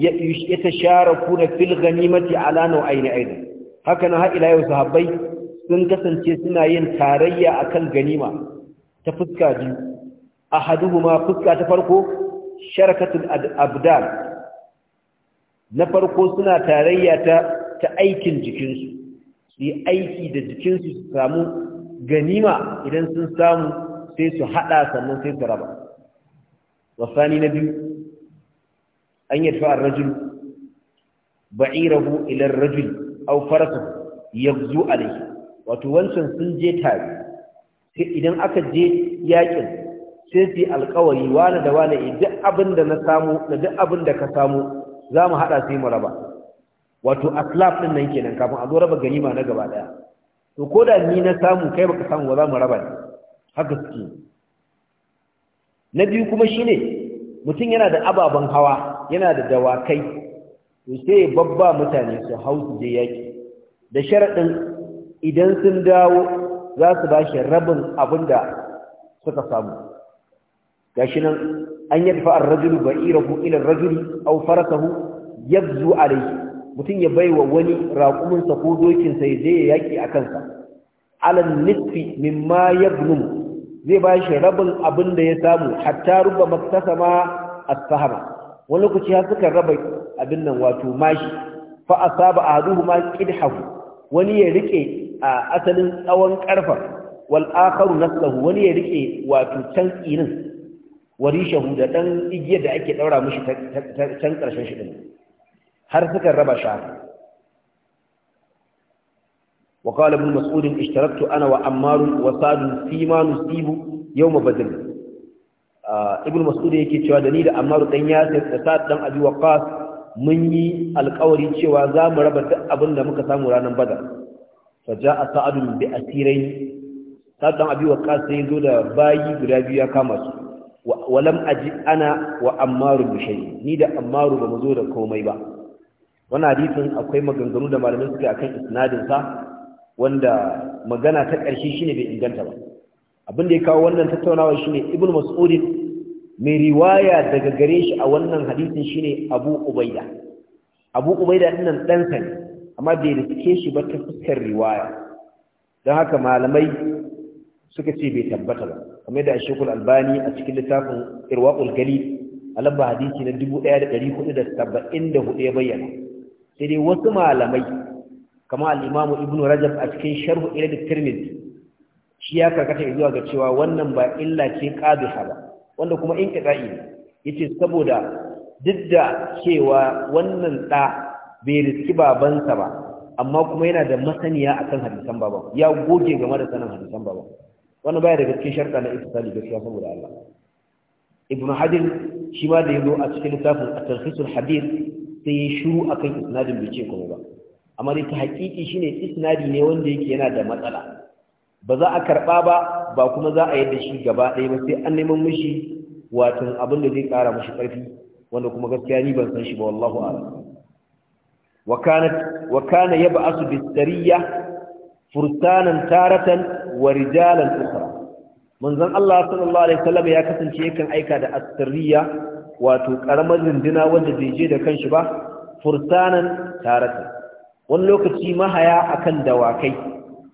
A: yatasharakuna fil ghanimati ala nau'aini aidan haka na har ila yau sahabbai sun kasance suna yin tarayya akan ganima ta fuska biyu ahaduhuma fuska ta farko sharakatul abdal na farko suna tarayya ta ta aikin jikinsu su yi aiki da jikinsu su samu ganima idan sun samu sai su haɗa sannan sai su raba wasani na biyu an yi fa'ar rajul ba'irahu ilar rajul au farasa yabzu alaihi wato wancan sun je tare sai idan aka je yakin sai su alkawari wani da wani eh, duk abin da na samu da duk abin da ka samu za mu haɗa sai mu raba wato aslaf din nan kenan kafin a zo raba ganima na gaba daya to ko da ni na samu kai baka samu ba za mu raba haka suke na biyu kuma shine mutum yana da ababen hawa yana da dawakai to sai babba mutane su hau su je yaki da sharadin idan sun dawo za su ba shi rabin abin da suka samu gashi nan an yadfa ar-rajulu ba'irahu ila ar-rajuli aw farasahu yabzu alayhi mutum ya baiwa wani raƙuminsa ko dokinsa ya je ya yaƙi a kansa alal nitfi mimma yagnum zai ba shi rabin abin da ya samu hatta ruba maktasama a sahara. wani lokaci har suka raba abin nan wato mashi fa asaba ma qidhahu wani ya rike a asalin tsawon karfa wal akharu nasahu wani ya rike wato can tsinin warishahu da dan igiyar da ake daura mishi can karshen shi din har suka raba shara وقال ana wa اشتركت wa وعمار وسعد فيما نصيب يوم بدر ibn مسعود yake cewa da ni da Ammar dan Yasir da Sa'd dan Abi Waqqas mun yi alƙawari cewa za mu raba duk abin da muka samu ranar Badar fa ja'a Sa'd bi asirai Sa'd dan Abi Waqqas sai zo da bayi guda biyu ya kama su walam aji ana wa Ammar bi shay ni da Ammar ba mu zo da komai ba Wani hadisin akwai maganganu da malamai suke akan isnadin sa wanda magana ta ƙarshe shine bai inganta ba abin da ya kawo wannan tattaunawa shine ibnu mas'ud mai riwaya daga gare shi a wannan hadisin shine abu ubaida abu ubaida dinnan dan sa ne amma bai riske shi ba ta fuskar riwaya don haka malamai suka ce bai tabbata ba kamar da Sheikhul Albani a cikin littafin Irwaqul Galil a lamba hadisi na 1474 ya bayyana sai dai wasu malamai kama al'imamu ibn rajab a cikin sharhu ila da tirmidhi shi ya karkata zuwa ga cewa wannan ba illa ce qabiha ba wanda kuma in qada'i yace saboda duk da cewa wannan da bai riski babansa ba amma kuma yana da masaniya akan hadisan baban ya goge game da sanin hadisan baban wannan baya daga cikin sharka na ittisali gaskiya saboda Allah ibn Hadin shi ma da yazo a cikin littafin at al hadith sai ya shiru akan isnadin bai ce kuma ba amma dai ta hakiki shine isnadi ne wanda yake yana da matsala ba za a karɓa ba ba kuma za a yadda shi gaba ɗaya ba sai an neman mishi watan abin da zai ƙara mashi ƙarfi wanda kuma gaskiya ni ban san shi ba wallahu a'lam wa kanat wa kana yab'asu furtanan taratan wa rijalan ukhra manzon Allah sallallahu alaihi wasallam ya kasance yakan aika da asriya wato karamar rinduna wanda bai je da kanshi ba furtanan tarata, wani lokaci mahaya akan dawakai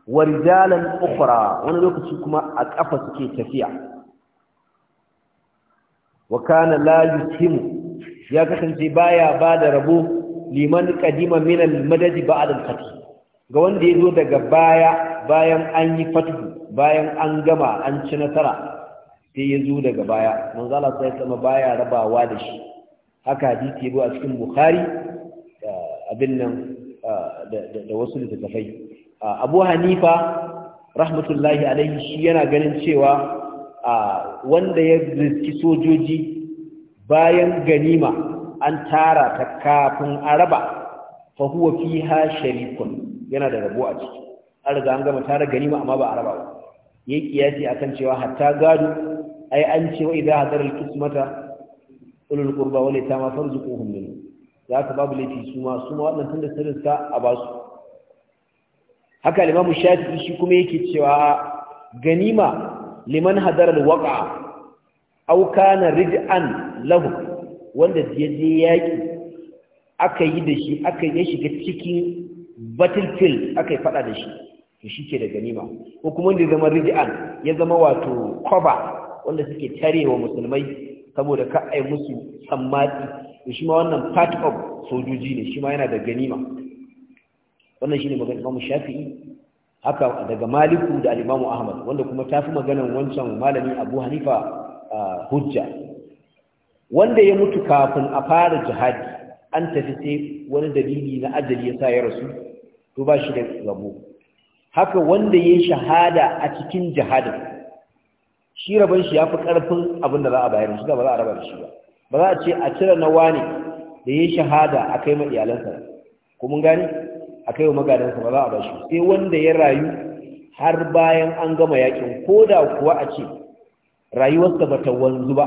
A: warjalan ukhra wani lokaci kuma a kafa suke tafiya wa kana la ya kasance baya ba da rabo liman qadima min al-madad ba'd al-fath ga wanda yazo daga baya bayan an yi fatu bayan an gama an ci nasara sai ya zo daga baya manzo Allah sai sama baya rabawa da shi haka hadisi yabo a cikin bukhari abin nan da wasu littattafai abu hanifa rahmatullahi alaihi shi yana ganin cewa wanda ya riski sojoji bayan ganima an tara ta kafin araba fa huwa fiha sharikun yana da rabo a ciki an riga an gama tara ganima amma ba araba ba yayi kiyasi akan cewa hatta gado ai an ce wa idan hadar kismata ulul qurba wal ma farzuquhum min za ka babu laifi su ma su ma wannan tunda sirrin sa a ba su haka limamu shafi shi kuma yake cewa ganima liman hadara alwaqa aw kana rid'an lahu wanda je je yaki aka yi da shi aka yi shiga cikin battlefield aka yi fada da shi to shi da ganima ko kuma wanda ya zama rid'an ya zama wato cover wanda suke tarewa musulmai saboda ka ai musu sammati shi ma wannan part of sojoji ne shi ma yana da ganima wannan shine magana Imam Shafi'i haka daga Maliku da Imam Ahmad wanda kuma tafi maganan wancan malami Abu Hanifa hujja wanda ya mutu kafin a fara jihadi an tafi sai wani dalili na ajali ya sa ya rasu to ba shi da gabo. haka wanda ya shahada a cikin jihadin shi rabon shi ya fi ƙarfin abin da za a bayar shi ba za a raba da shi ba ba za a ce a cire na wani da ya shahada a kai ma iyalansa ko mun gane a kai wa magadansa ba za a ba shi sai wanda ya rayu har bayan an gama yakin ko da kuwa a ce rayuwarsa ba ta wanzu ba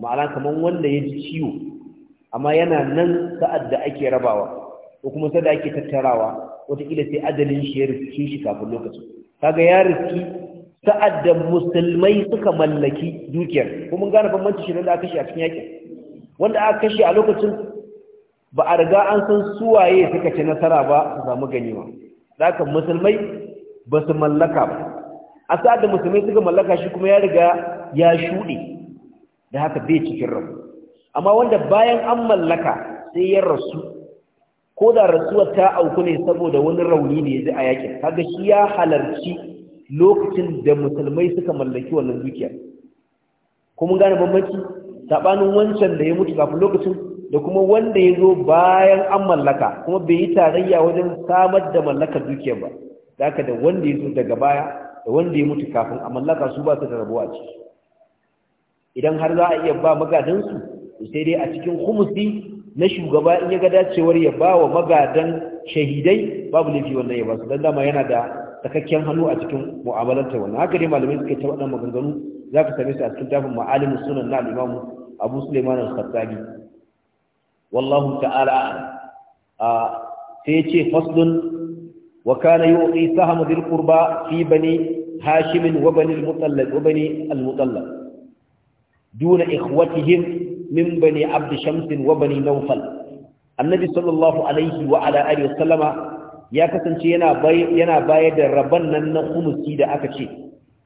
A: ma'ana kamar wanda ya ji ciwo amma yana nan sa'ad da ake rabawa ko kuma sa'ad da ake tattarawa wataƙila sai adalin shi ya rufe shi kafin lokacin kaga ya rufe sa'ad da musulmai suka mallaki dukiyar kuma gane bambanci shi da aka kashe a cikin yakin wanda aka kashe a lokacin ba a riga an san suwaye suka ci nasara ba su samu ganima haka musulmai ba su mallaka ba a sa'ad da musulmai suka mallaka shi kuma ya riga ya shuɗe da haka bai cikin rabu amma wanda bayan an mallaka sai ya rasu ko da rasuwar ta auku ne saboda wani rauni ne ya ji a yakin kaga shi ya halarci lokacin da musulmai suka mallaki wannan dukiya kuma gane bambanci sabanin wancan da ya mutu kafin lokacin da kuma wanda ya zo bayan an mallaka kuma bai yi tarayya wajen samar da mallakar dukiyar ba zaka da wanda ya zo daga baya da wanda ya mutu kafin a mallaka su ba su da rabuwa ce idan har za a iya ba magadansu sai dai a cikin humusi na shugaba in ya ga dacewar ya ba wa magadan shahidai babu laifi wannan ya ba su don dama yana da sakakken hannu a cikin mu'amalanta wannan haka dai malamai suka yi ta waɗannan maganganu za ka same su a cikin tafin ma'alimu sunan na al'imamu abu suleiman al-khattabi wallahu ta'ala a sai ya ce faslun wa kana yu'ti sahama bil qurba fi bani hashim wa bani al-mutallab wa bani al-mutallab duna ikhwatihim min bani abd shams wa bani nawfal annabi sallallahu alaihi wa ala alihi wa sallama ya kasance yana yana bayar da rabon nan na kumusi da aka ce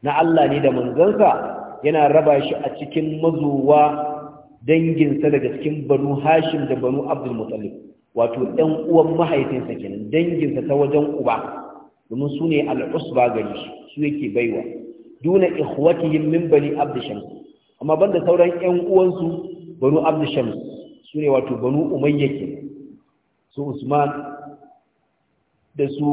A: na Allah ne da manzansa yana raba shi a cikin mazuwa danginsa daga cikin banu hashim da banu abdul mutallib wato ɗan uwan mahaifinsa kenan danginsa ta wajen uba domin su ne al'usba gari su yake baiwa duna ikhwatihim min bani abd shams amma banda sauran ƴan uwansu banu abd shams su ne wato banu umayya kenan su usman da su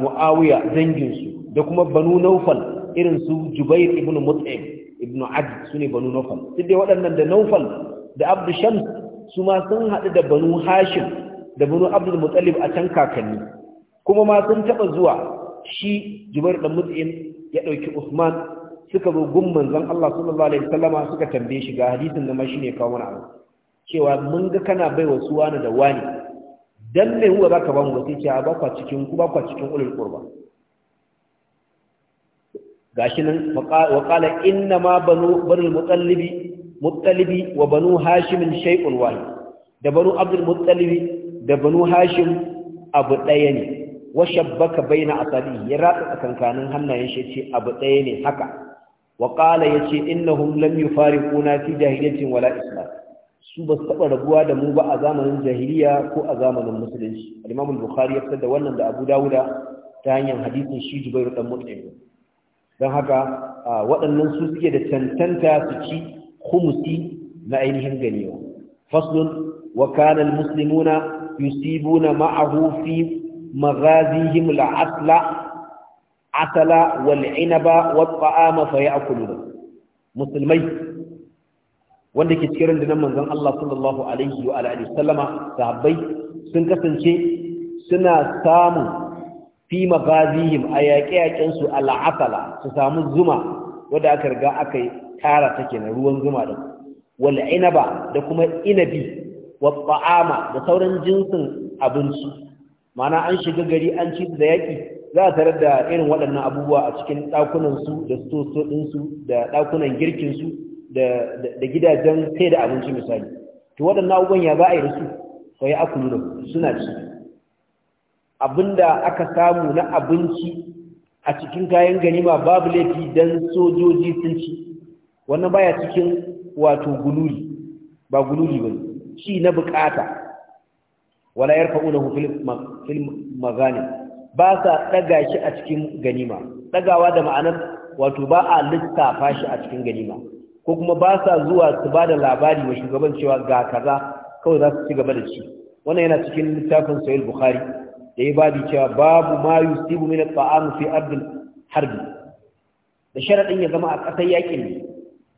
A: muawiya danginsu da kuma banu naufal irin su jubair ibn mut'im ibn adi su ne banu naufal duk dai waɗannan da naufal da abdu shams su ma sun haɗu da banu hashim da banu abdul muttalib a can kakanni kuma ma sun taɓa zuwa shi jubair dan mut'im ya ɗauki usman suka zo gun manzon Allah sallallahu alaihi wasallama suka tambaye shi ga hadisin da ma shine kawo mana cewa mun ga kana baiwa su wani da wani dan me huwa zaka ba mu wasiya ba kwa cikin ku ba kwa cikin ulul qurba gashi nan wa qala inna ma banu banul mutallibi muttalibi wa banu hashim shay'un wahid da banu abdul muttalibi da banu hashim abu daya ne wa shabbaka baina asabi ya ratsa tsakankanin hannayen shi ce abu daya ne haka wa qala yace innahum lam yufariquna fi jahiliyatin wala islam su ba su taɓa rabuwa da mu ba a zamanin jahiliya ko a zamanin musulunci al bukhari ya fitar da wannan da abu dawuda ta hanyar hadisin shi jubairu dan mutane don haka waɗannan su suke da tantanta su ci humusi na ainihin ganewa faslun wa kana al na yusibuna ma'ahu fi maghazihim al asala wal inaba wat ta'ama fa ya'kuluna musulmai wanda ke cikin rundunar manzon Allah sallallahu alaihi wa alihi sallama sahabbai sun kasance suna samun fi magazihim a yaƙe su al'afala su samu zuma wadda aka riga aka yi tara ta kenan ruwan zuma da wal inaba da kuma inabi wa ta'ama da sauran jinsin abinci ma'ana an shiga gari an ci da yaƙi za a tarar da irin waɗannan abubuwa a cikin ɗakunansu da ɗinsu da ɗakunan girkinsu da gidajen sai da abinci misali to waɗannan abubuwan ya za a yi da su ko ya aku suna ci abinda aka samu na abinci a cikin kayan ganima babu laifi don sojoji sun ci wannan baya cikin wato gululi ba gululi ba ci na bukata wala yarfa'unahu fil magani ba sa daga shi a cikin ganima dagawa da ma'anar wato ba a lissafa shi a cikin ganima ko kuma ba sa zuwa su ba da labari wa shugaban cewa ga kaza kawai za su ci gaba da shi wannan yana cikin littafin sahih bukhari da ya babi cewa babu ma yusibu min at-ta'am fi ardil harbi da sharadin ya zama a kasar yakin ne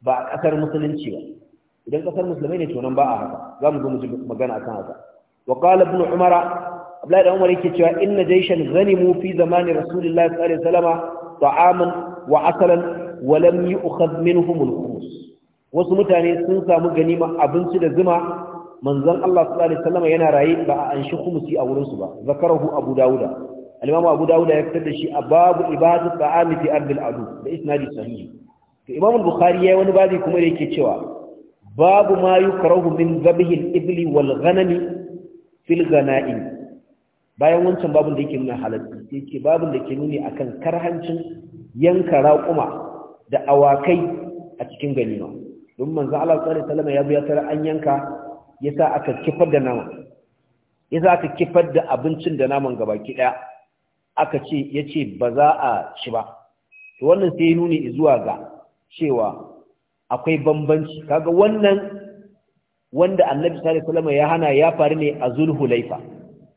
A: ba a kasar musulunci ba idan kasar musulmai ne to nan ba a haka za mu zo mu ji magana akan haka wa qala ibn umara abdullahi umar yake cewa inna jayshan ghanimu fi zamani rasulillahi sallallahu alaihi wasallam ta'aman wa asalan walam yi wasu mutane sun samu ganima abinci da zuma manzon Allah sallallahu alaihi wasallam yana raye ba a anshi khumsi a wurin su ba zakarahu abu dauda al abu dauda ya fitar da shi a babu ibadatu ta'ami fi ardil adu da isnadi sahihi to imamu bukhari ya wani babi kuma da yake cewa babu ma yukrahu min dhabhil ibli wal ghanami fil ghanaim bayan wancan babin da yake nuna halatta yake babin da ke nuni akan karhancin yanka raƙuma da awakai a cikin ganima don manzo Allah sallallahu alaihi wasallam ya biya tare an yanka yasa aka kifar da nama yasa aka kifar da abincin da naman gabaki daya aka ce yace ba za a ci ba to wannan sai nuni zuwa ga cewa akwai bambanci kaga wannan wanda annabi sallallahu alaihi wasallam ya hana ya faru ne a zulhulaifa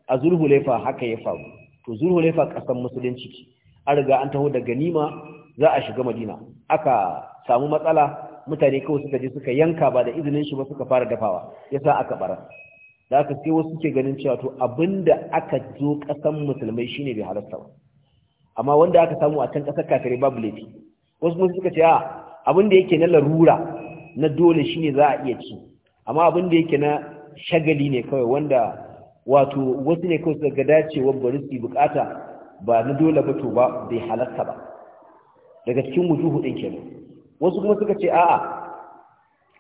A: a zulhulaifa haka ya faru to zulhulaifa kasan musulunci an riga an taho da ganima za a shiga madina aka samu matsala mutane kawai suka je suka yanka ba da izinin shi ba suka fara dafawa ya sa aka bara da aka sai wasu ke ganin cewa to abinda aka zo kasan musulmai shine bai halarta ba amma wanda aka samu a can kasar kafirai babu laifi wasu mun suka ce a abinda yake na larura na dole shine za a iya ci amma abinda yake na shagali ne kawai wanda wato wasu ne kawai suka ga dacewa bari su bukata ba na dole ba to ba bai halarta ba daga cikin wujuhu din kenan wasu kuma suka ce a'a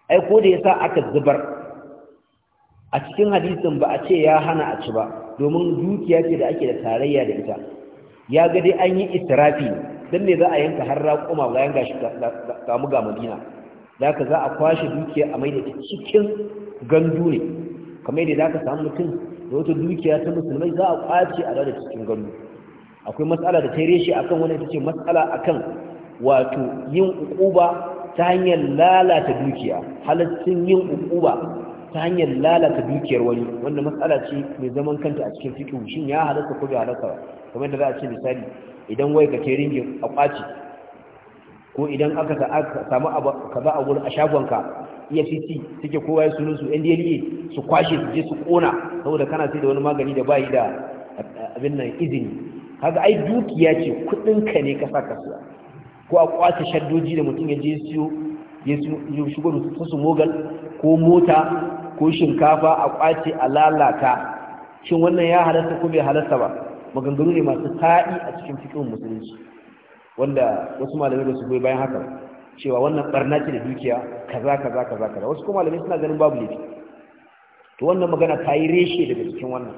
A: ai ko da yasa aka zubar a cikin hadisin ba a ce ya hana a ci ba domin dukiya ce da ake da tarayya da ita ya ga dai an yi israfi dan ne za a yanka har raƙuma bayan shi ga mu ga Madina da ka za a kwashe dukiya a mai da cikin gandu ne kamar yadda za ka samu mutum da wata dukiya ta musulmai za a kwace a da cikin gandu akwai matsala da ta reshe akan wani ita ce matsala akan wato yin ukuba ta hanyar lalata dukiya halittun yin ukuba ta hanyar lalata dukiyar wani wanda matsala ce mai zaman kanta a cikin fikin shin ya halatta ko ya halatta kamar da za a ce misali idan wai ka ke ringin a ko idan aka samu kaza a wurin a shagonka efcc suke kowa ya sunan su ndla e su kwashe su je su kona saboda kana sai da wani magani da bayi da abin nan izini kaga ai dukiya ce kudin ka ne ka saka su ko a kwace shaddoji da mutum ya je siyo ya shigo da su mogal ko mota ko shinkafa a kwace a lalata shin wannan ya halarta ko bai halarta ba maganganu ne masu ta'i a cikin fikin musulunci wanda wasu malamai da su goyi bayan haka cewa wannan barna ce da dukiya kaza kaza kaza kaza wasu kuma malamai suna ganin babu laifi to wannan magana ta yi reshe daga cikin wannan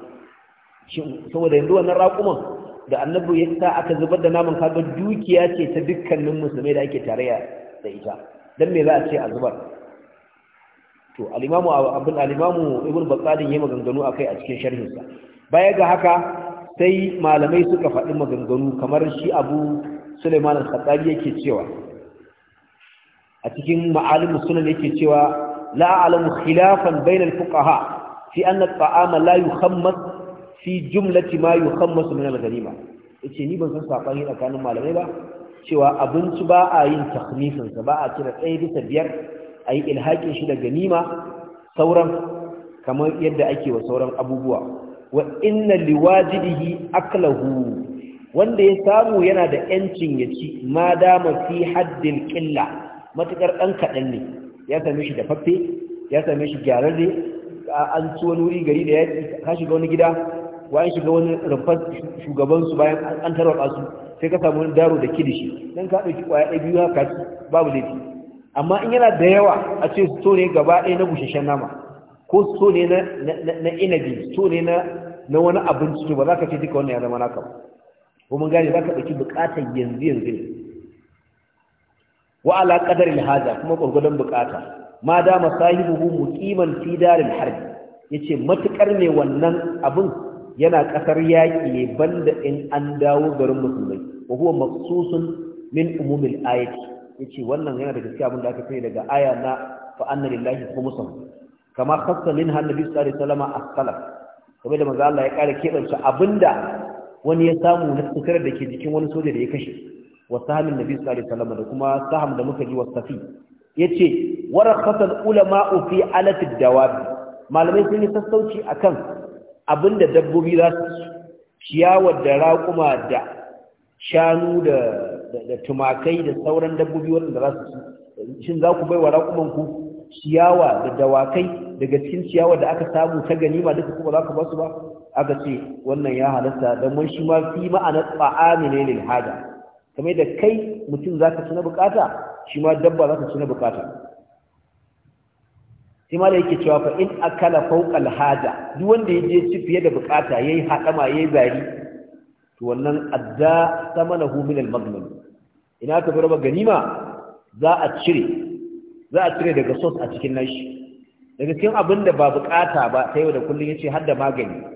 A: shin saboda yanzu wannan raƙuman da annabi ya sa aka zubar da naman kaga dukiya ce ta dukkanin musulmai da ake tarayya da ita dan me za a ce a zubar to al-imamu abul al-imamu ibnu baqalin yayi maganganu akai a cikin sharhinsa baya ga haka sai malamai suka faɗi maganganu kamar shi abu Suleiman al-Khattabi yake cewa a cikin ma'alim sunan yake cewa la alamu khilafan bainal fuqaha fi anna at-ta'ama la yuhammas fi jumlati ma yuhammasu min al-ghanima yace ni ban san sabani tsakanin malamai ba cewa abinci ba a yin takhmisin sa ba a cire tsaye bisa biyar ayi ilhakin shi da ganima sauran kamar yadda ake wa sauran abubuwa wa inna liwajibihi aklahu wanda ya samu yana da yancin ya ci ma dama fi haddin qilla matakar ɗan kaɗan ne ya same shi da ya same shi gyararre an ci wani wuri gari da ya ka shiga wani gida wa shiga wani rumfar shugabansu bayan an tarwatsa su sai ka samu wani daro da kidishi don ka ɗauki kwaya ɗaya biyu haka babu laifi amma in yana da yawa a ce su ne gaba ɗaya na bushashen nama ko su ne na inabi su ne na wani abinci to ba za ka ce duka wannan ya zama naka ba ko mun gane za ka ɗauki buƙatar yanzu yanzu ne wa ala qadari hada kuma gurgudan buƙata ma dama mu muqiman fi daril harbi yace matukar ne wannan abin yana ƙasar yaƙi ne banda in an dawo garin musulmai wa huwa maqsusun min umumil ayati yace wannan yana da gaskiya abin da aka sani daga aya na fa anna lillahi khumsuhu kama khassa minha Nabi sallallahu alaihi wasallam as-salaf kamar da manzo Allah ya kare kebance abinda wani ya samu na tsukar da ke jikin wani soja da ya kashe wa sahamin nabi sallallahu alaihi wasallam da kuma saham da muka ji wa safi yace warakhasa al fi alati ad-dawab malamai sun yi sassauci akan da dabbobi za su ciyawar da raƙuma da shanu da da tumakai da sauran dabbobi wanda za su shin za ku baiwa raƙuman ku ciyawa da dawakai daga cikin ciyawa da aka samu ta gani ma duka kuma za ku basu ba aka ce wannan ya halatta don wani shi ma fi ma'anar tsa'ami ne lil hada kamar da kai mutum za ka ci na bukata shi ma dabba za ka ci na bukata sai yake cewa fa in akala fawqal haja duk wanda ya je ci fiye da bukata yayi hadama yayi bari to wannan adda samanahu min al ina ka bar ganima za a cire za a cire daga sos a cikin nashi daga cikin abin da ba bukata ba sai yau da kullun yace har da magani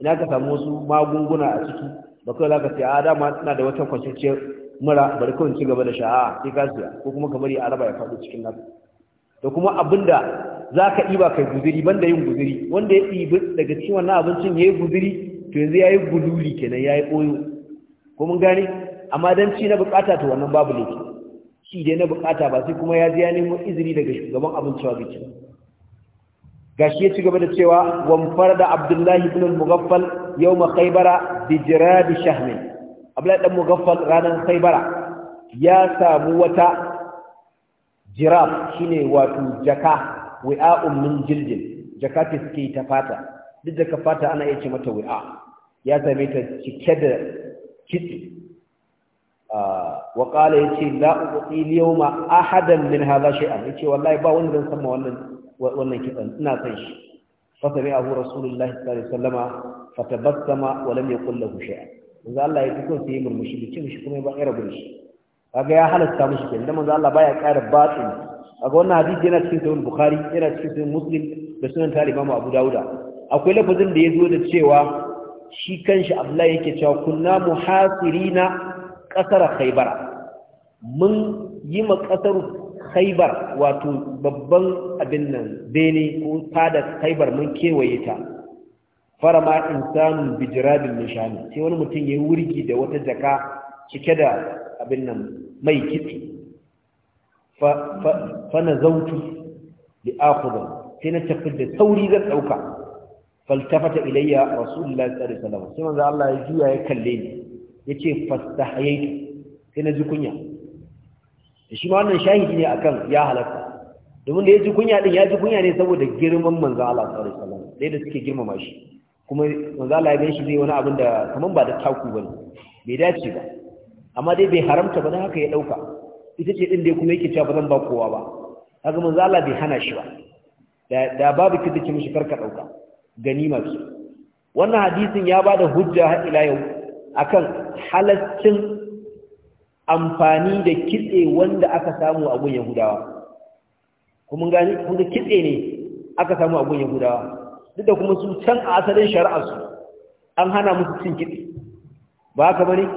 A: ina ka samu wasu magunguna a ciki ba kai zaka ce a dama ina da wata kwaciciyar mura bari kawai ci gaba da sha'a sai ka ko kuma kamar ya araba ya faɗo cikin nasu? da kuma abinda za ka ɗiba kai guziri banda yin guziri wanda ya ɗibi daga cikin wannan abincin ya yi guziri to yanzu ya yi gululi kenan ya yi ɓoyo ko mun gane amma don ci na bukata to wannan babu ne ci dai na bukata ba sai kuma ya ziya ya nemo izini daga shugaban abinci wa biki gashi ya ci gaba da cewa wamfar da abdullahi ibn al-mughaffal yawma khaybara bi jirab shahmin abdullahi dan mughaffal ranan khaybara ya samu wata jirab shine wato jaka wi'a'un min jildin jaka ce suke yi ta fata duk da ka fata ana iya ce mata wi'a ya same ta cike da kitse ah, wa qala yace la uqi al-yawma ahadan min hadha shay'an yace wallahi ba wanda zan san wannan wannan kitsan ina san shi فسمعه رسول الله صلى الله عليه وسلم فتبسم ولم يقل له شيئا manzo Allah ya fito sai murmushi da cin shi kuma ba ƙara shi kaga ya halatta mishi kenan manzo Allah baya ƙara batsin aga wannan hadisi yana cikin sahih bukhari yana cikin sahih muslim da sunan ta mu abu dauda akwai lafazin da yazo da cewa shi kanshi abdullahi yake cewa kunna muhasirina ƙasar khaybar mun yi ma ƙasar khaybar wato babban abin nan bene ko fada khaybar mun kewaye ta farama insanun bijirabin nishani sai wani mutum ya wurgi da wata jaka cike da abin nan mai kitse fana zautu da akudin sai na tafi da sauri zan ɗauka faltafata ilayya rasulullah tsari salama sai manzo Allah ya juya ya kalle ni ya ce fasta hayaitu sai na ji kunya da shi ma wannan shahidi ne akan ya halatta domin da ya ji kunya din ya ji kunya ne saboda girman manzo Allah tsari salama sai da suke girmama shi kuma manzo Allah ya gan shi zai wani abin da kaman ba da taku bane bai dace ba amma dai bai haramta ba dan haka ya ɗauka ita ce ɗin da kuma yake cewa ba zan ba kowa ba haka manzo Allah bai hana shi ba da babu kida ke mishi karka dauka ganima ce wannan hadisin ya bada hujja har ila yau akan halaccin amfani da kitse wanda aka samu a gun Yahudawa kuma gani kuma kitse ne aka samu a gun Yahudawa duk da kuma su can a asalin shari'ar su an hana musu cin kitse ba haka bane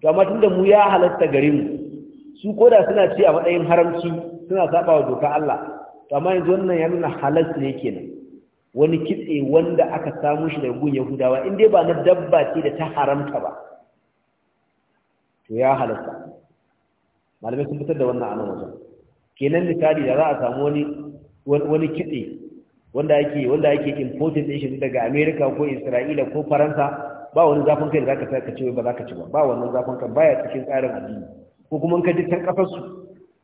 A: to amma tunda mu ya halatta gare mu su koda suna ci a matsayin haramci suna saba wa doka Allah to amma yanzu wannan ya nuna halal ne kenan wani kitse wanda aka samu shi daga gun Yahudawa in dai ba na dabba ce da ta haramta ba to ya halasta malamai sun fitar da wannan anan wajen kenan misali da za a samu wani wani kitse wanda yake wanda yake imported din shi daga America ko Isra'ila ko Faransa ba wani zafin kai da zaka ka ce ba zaka ci ba ba wannan zafin kan baya cikin tsarin addini ko kuma ka je can su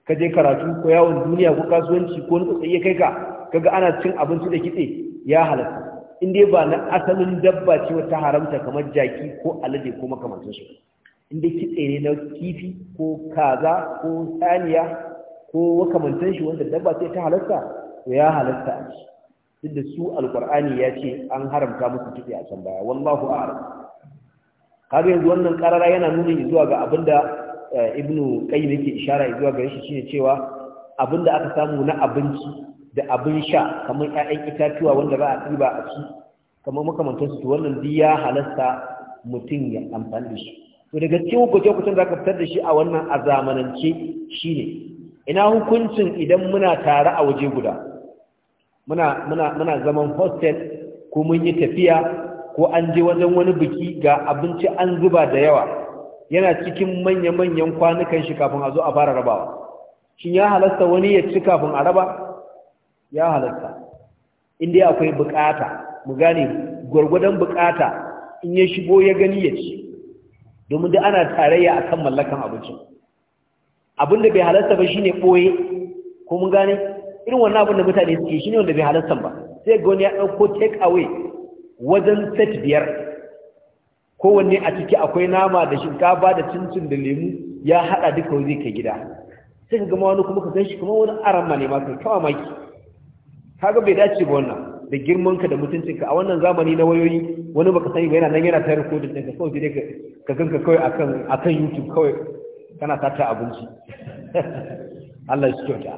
A: ka je karatu ko yawon duniya ko kasuwanci ko nutsa tsaye kai ka kaga ana cin abinci da kitse ya halatta in dai ba na asalin dabba ce wata haramta kamar jaki ko alade ko makamantansu in dai kitse ne na kifi ko kaza ko saniya ko makamantan shi wanda dabba sai ta halatta to ya halatta a duk da su alqur'ani ya ce an haramta musu kitse a can baya wallahu a'lam kaga yanzu wannan karara yana nuni zuwa ga abinda Eh, ibnu qayyim yake ishara zuwa gare shi shine cewa abinda aka samu na abinci da abin sha kamar ƴaƴan itatuwa wanda ba a ɗiba a ci kamar manta su wannan duk ya halasta mutum ya amfani da shi to daga cikin gwaje kusan zaka fitar da shi a wannan a zamanance shine ina hukuncin idan muna tare a waje guda muna muna muna zaman hostel ko mun yi tafiya ko an je wajen wani biki ga abinci an zuba da yawa yana cikin manya-manyan kwanukan shi kafin a zo a fara rabawa shin ya halasta wani ya ci kafin a raba ya halasta inda akwai bukata mu gane gwargwadon bukata in ya shigo ya gani ya ci domin da ana tarayya akan mallakan abincin abin da bai halasta ba shine boye ko mun gane irin wannan abin da mutane suke shine wanda bai halasta ba sai ga wani ya dauko take away wajen set biyar kowanne a ciki akwai nama da shinkafa da cincin da lemu ya haɗa duka wani ka gida sai ka gama wani kuma ka ganshi kuma wani aran ma ne ma kai kawa maki kaga bai dace ba wannan da girman ka da mutuncin ka a wannan zamani na wayoyi wani baka sani ba yana nan yana tayar kodin ɗinka kawai sai ka ganka kawai akan akan YouTube kawai kana sata abinci [laughs] Allah shi kyauta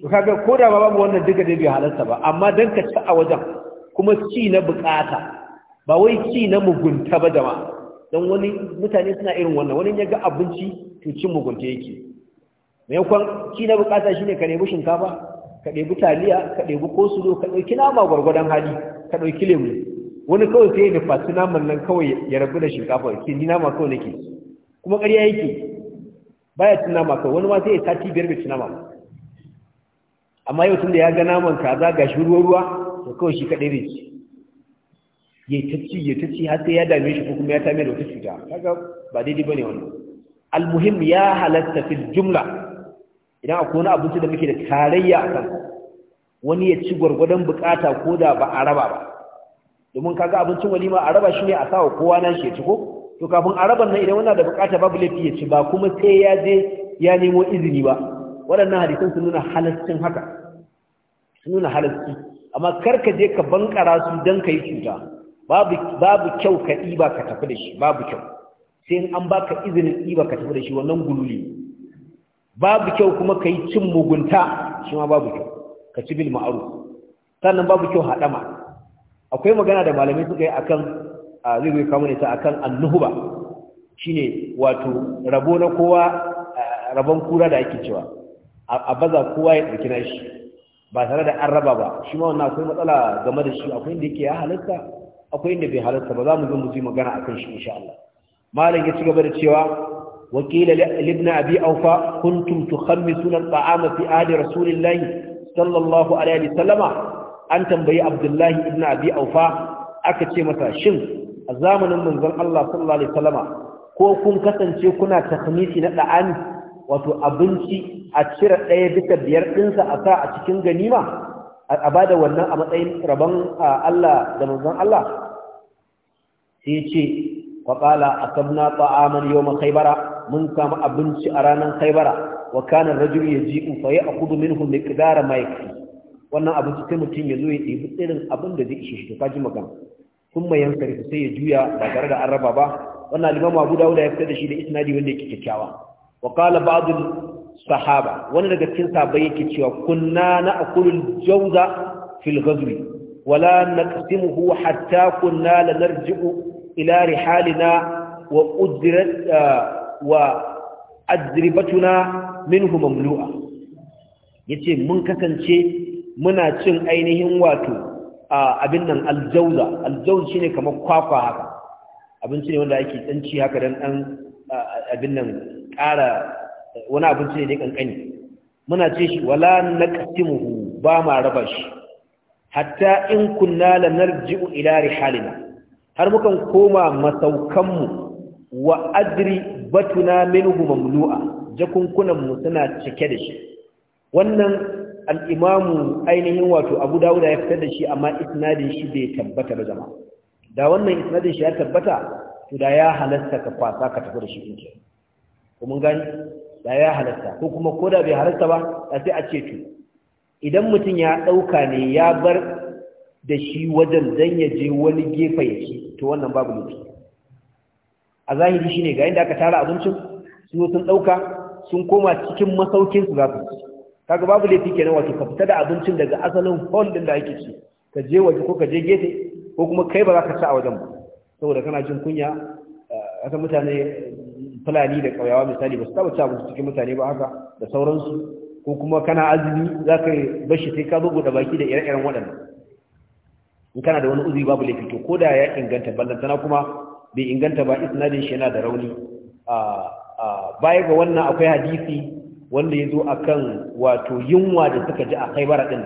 A: to kaga ko da ba babu wannan duka dai bai halarta ba amma dan ka ci a wajen kuma ci na bukata ba wai ci na mugunta ba jama'a don wani mutane suna irin wannan wani ya ga abinci to cin mugunta yake maimakon ci na bukata shine ka nemi shinkafa ka ɗebi taliya ka ɗebi kosulo ka ɗauki nama gwargwadon hali ka ɗauki lemu wani kawai sai ya nufaci naman nan kawai ya rabu da shinkafa ke ni nama kawai nake kuma ƙarya yake baya cin nama kawai wani ma sai ya sati biyar bai cin nama amma yau tun da ya ga naman kaza ga shi ruwa ruwa to kawai shi kaɗai ne ya ci ya har sai ya dame shi ko kuma ya tame da wata cuta kaga ba daidai bane wannan almuhim ya halatta fil jumla idan akwai wani abinci da muke da tarayya a kan wani ya ci gwargwadon bukata ko da ba a raba ba domin kaga abincin walima a raba shi ne a sawa kowa nan shi ya ci ko to kafin a raban nan idan wanda da bukata babu laifi ya ci ba kuma sai ya je ya nemo izini ba waɗannan hadisan sun nuna halaccin haka sun nuna halasci amma kar ka je ka bankara su dan ka yi cuta babu babu kyau ka ɗiba ka tafi da shi babu kyau sai in an baka izinin ɗiba ka tafi da shi wannan gululi babu kyau kuma ka yi cin mugunta shi ma babu kyau ka ci bil ma'aru sannan babu kyau haɗama akwai magana da malamai suka yi akan zai yi kawo ta akan annuhuba shine wato rabo na kowa rabon kura da ake cewa a baza kowa ya ɗauki na shi ba tare da an raba ba shi ma wannan akwai matsala game da shi akwai inda yake ya halitta? akwai inda bai halarta ba za mu zo mu ji magana kan shi insha Allah malam ya ci gaba da cewa wakila ibn abi awfa kuntum tukhammisuna al fi ahli rasulillah sallallahu alaihi sallam, an tambayi abdullahi ibn abi awfa aka ce masa shin a zamanin manzon Allah sallallahu alaihi sallam ko kun kasance kuna takhmisi na da'ani wato abinci a cire ɗaya bisa biyar ɗinsa a sa a cikin ganima a ba da wannan a matsayin rabon Allah da manzon Allah sai ce wa qala akamna ta'aman yawma khaybara mun kama abinci a ranar khaybara wa kana rajul yaji'u fa ya'khudhu minhu miqdara ma yakfi wannan abinci sai mutum ya zo ya ɗebi tsirin abin da zai ishe shi to magana sun mai yankari sai ya juya ba tare da an raba ba wannan limamu abu dawuda ya fitar da shi da isnadi wanda yake kyakkyawa wa qala sahaba wani daga cikin sahabbai yake cewa kunna na akulul jawza fil ghazwi wala naqsimuhu hatta kunna la narji'u ila rihalina wa udrat ah, wa adribatuna minhu mamlu'a yace mun kasance muna cin ainihin wato abin nan aljauza aljauza shine kamar kwakwa haka abinci ne wanda ake tsanci haka dan dan ah, abin nan ƙara wani abinci ne dai kankani muna ce shi wala naqtimuhu ba ma raba shi hatta in kunna lanarji'u ila rihalina har mukan koma masaukanmu wa adri batuna minhu mamlu'a jakunkunan mu suna cike da shi wannan al imam ainihin wato Abu Dawud ya fitar da shi amma isnadin shi bai tabbata ba jama'a da wannan isnadin shi ya tabbata to da ya halasta ka kwasa ka tafi da shi Kuma mun gani da ya halarta? ko kuma ko da bai halarta ba a sai a ce to idan mutum ya ɗauka ne ya bar da shi wajen dan ya je wani gefe ya ci to wannan babu lutu a zahiri shine ga inda aka tara abincin su sun ɗauka sun koma cikin masaukin su za su ci kaga babu laifi kenan wato ka fita da abincin daga asalin hall din da ake ci ka je waje ko ka je gefe ko kuma kai ba za ka ci a wajen ba saboda kana jin kunya kan mutane fulani da ƙauyawa misali ba su taɓa ci su cikin mutane ba haka da sauransu ko kuma kana azumi za ka bashi sai ka bugu da baki da ire-iren waɗannan in kana da wani uzuri babu laifi to ko da ya inganta ballantana kuma bai inganta ba isnadin shi yana da rauni baya ga wannan akwai hadisi wanda ya zo a kan wato yunwa da suka ji a khaibara ɗin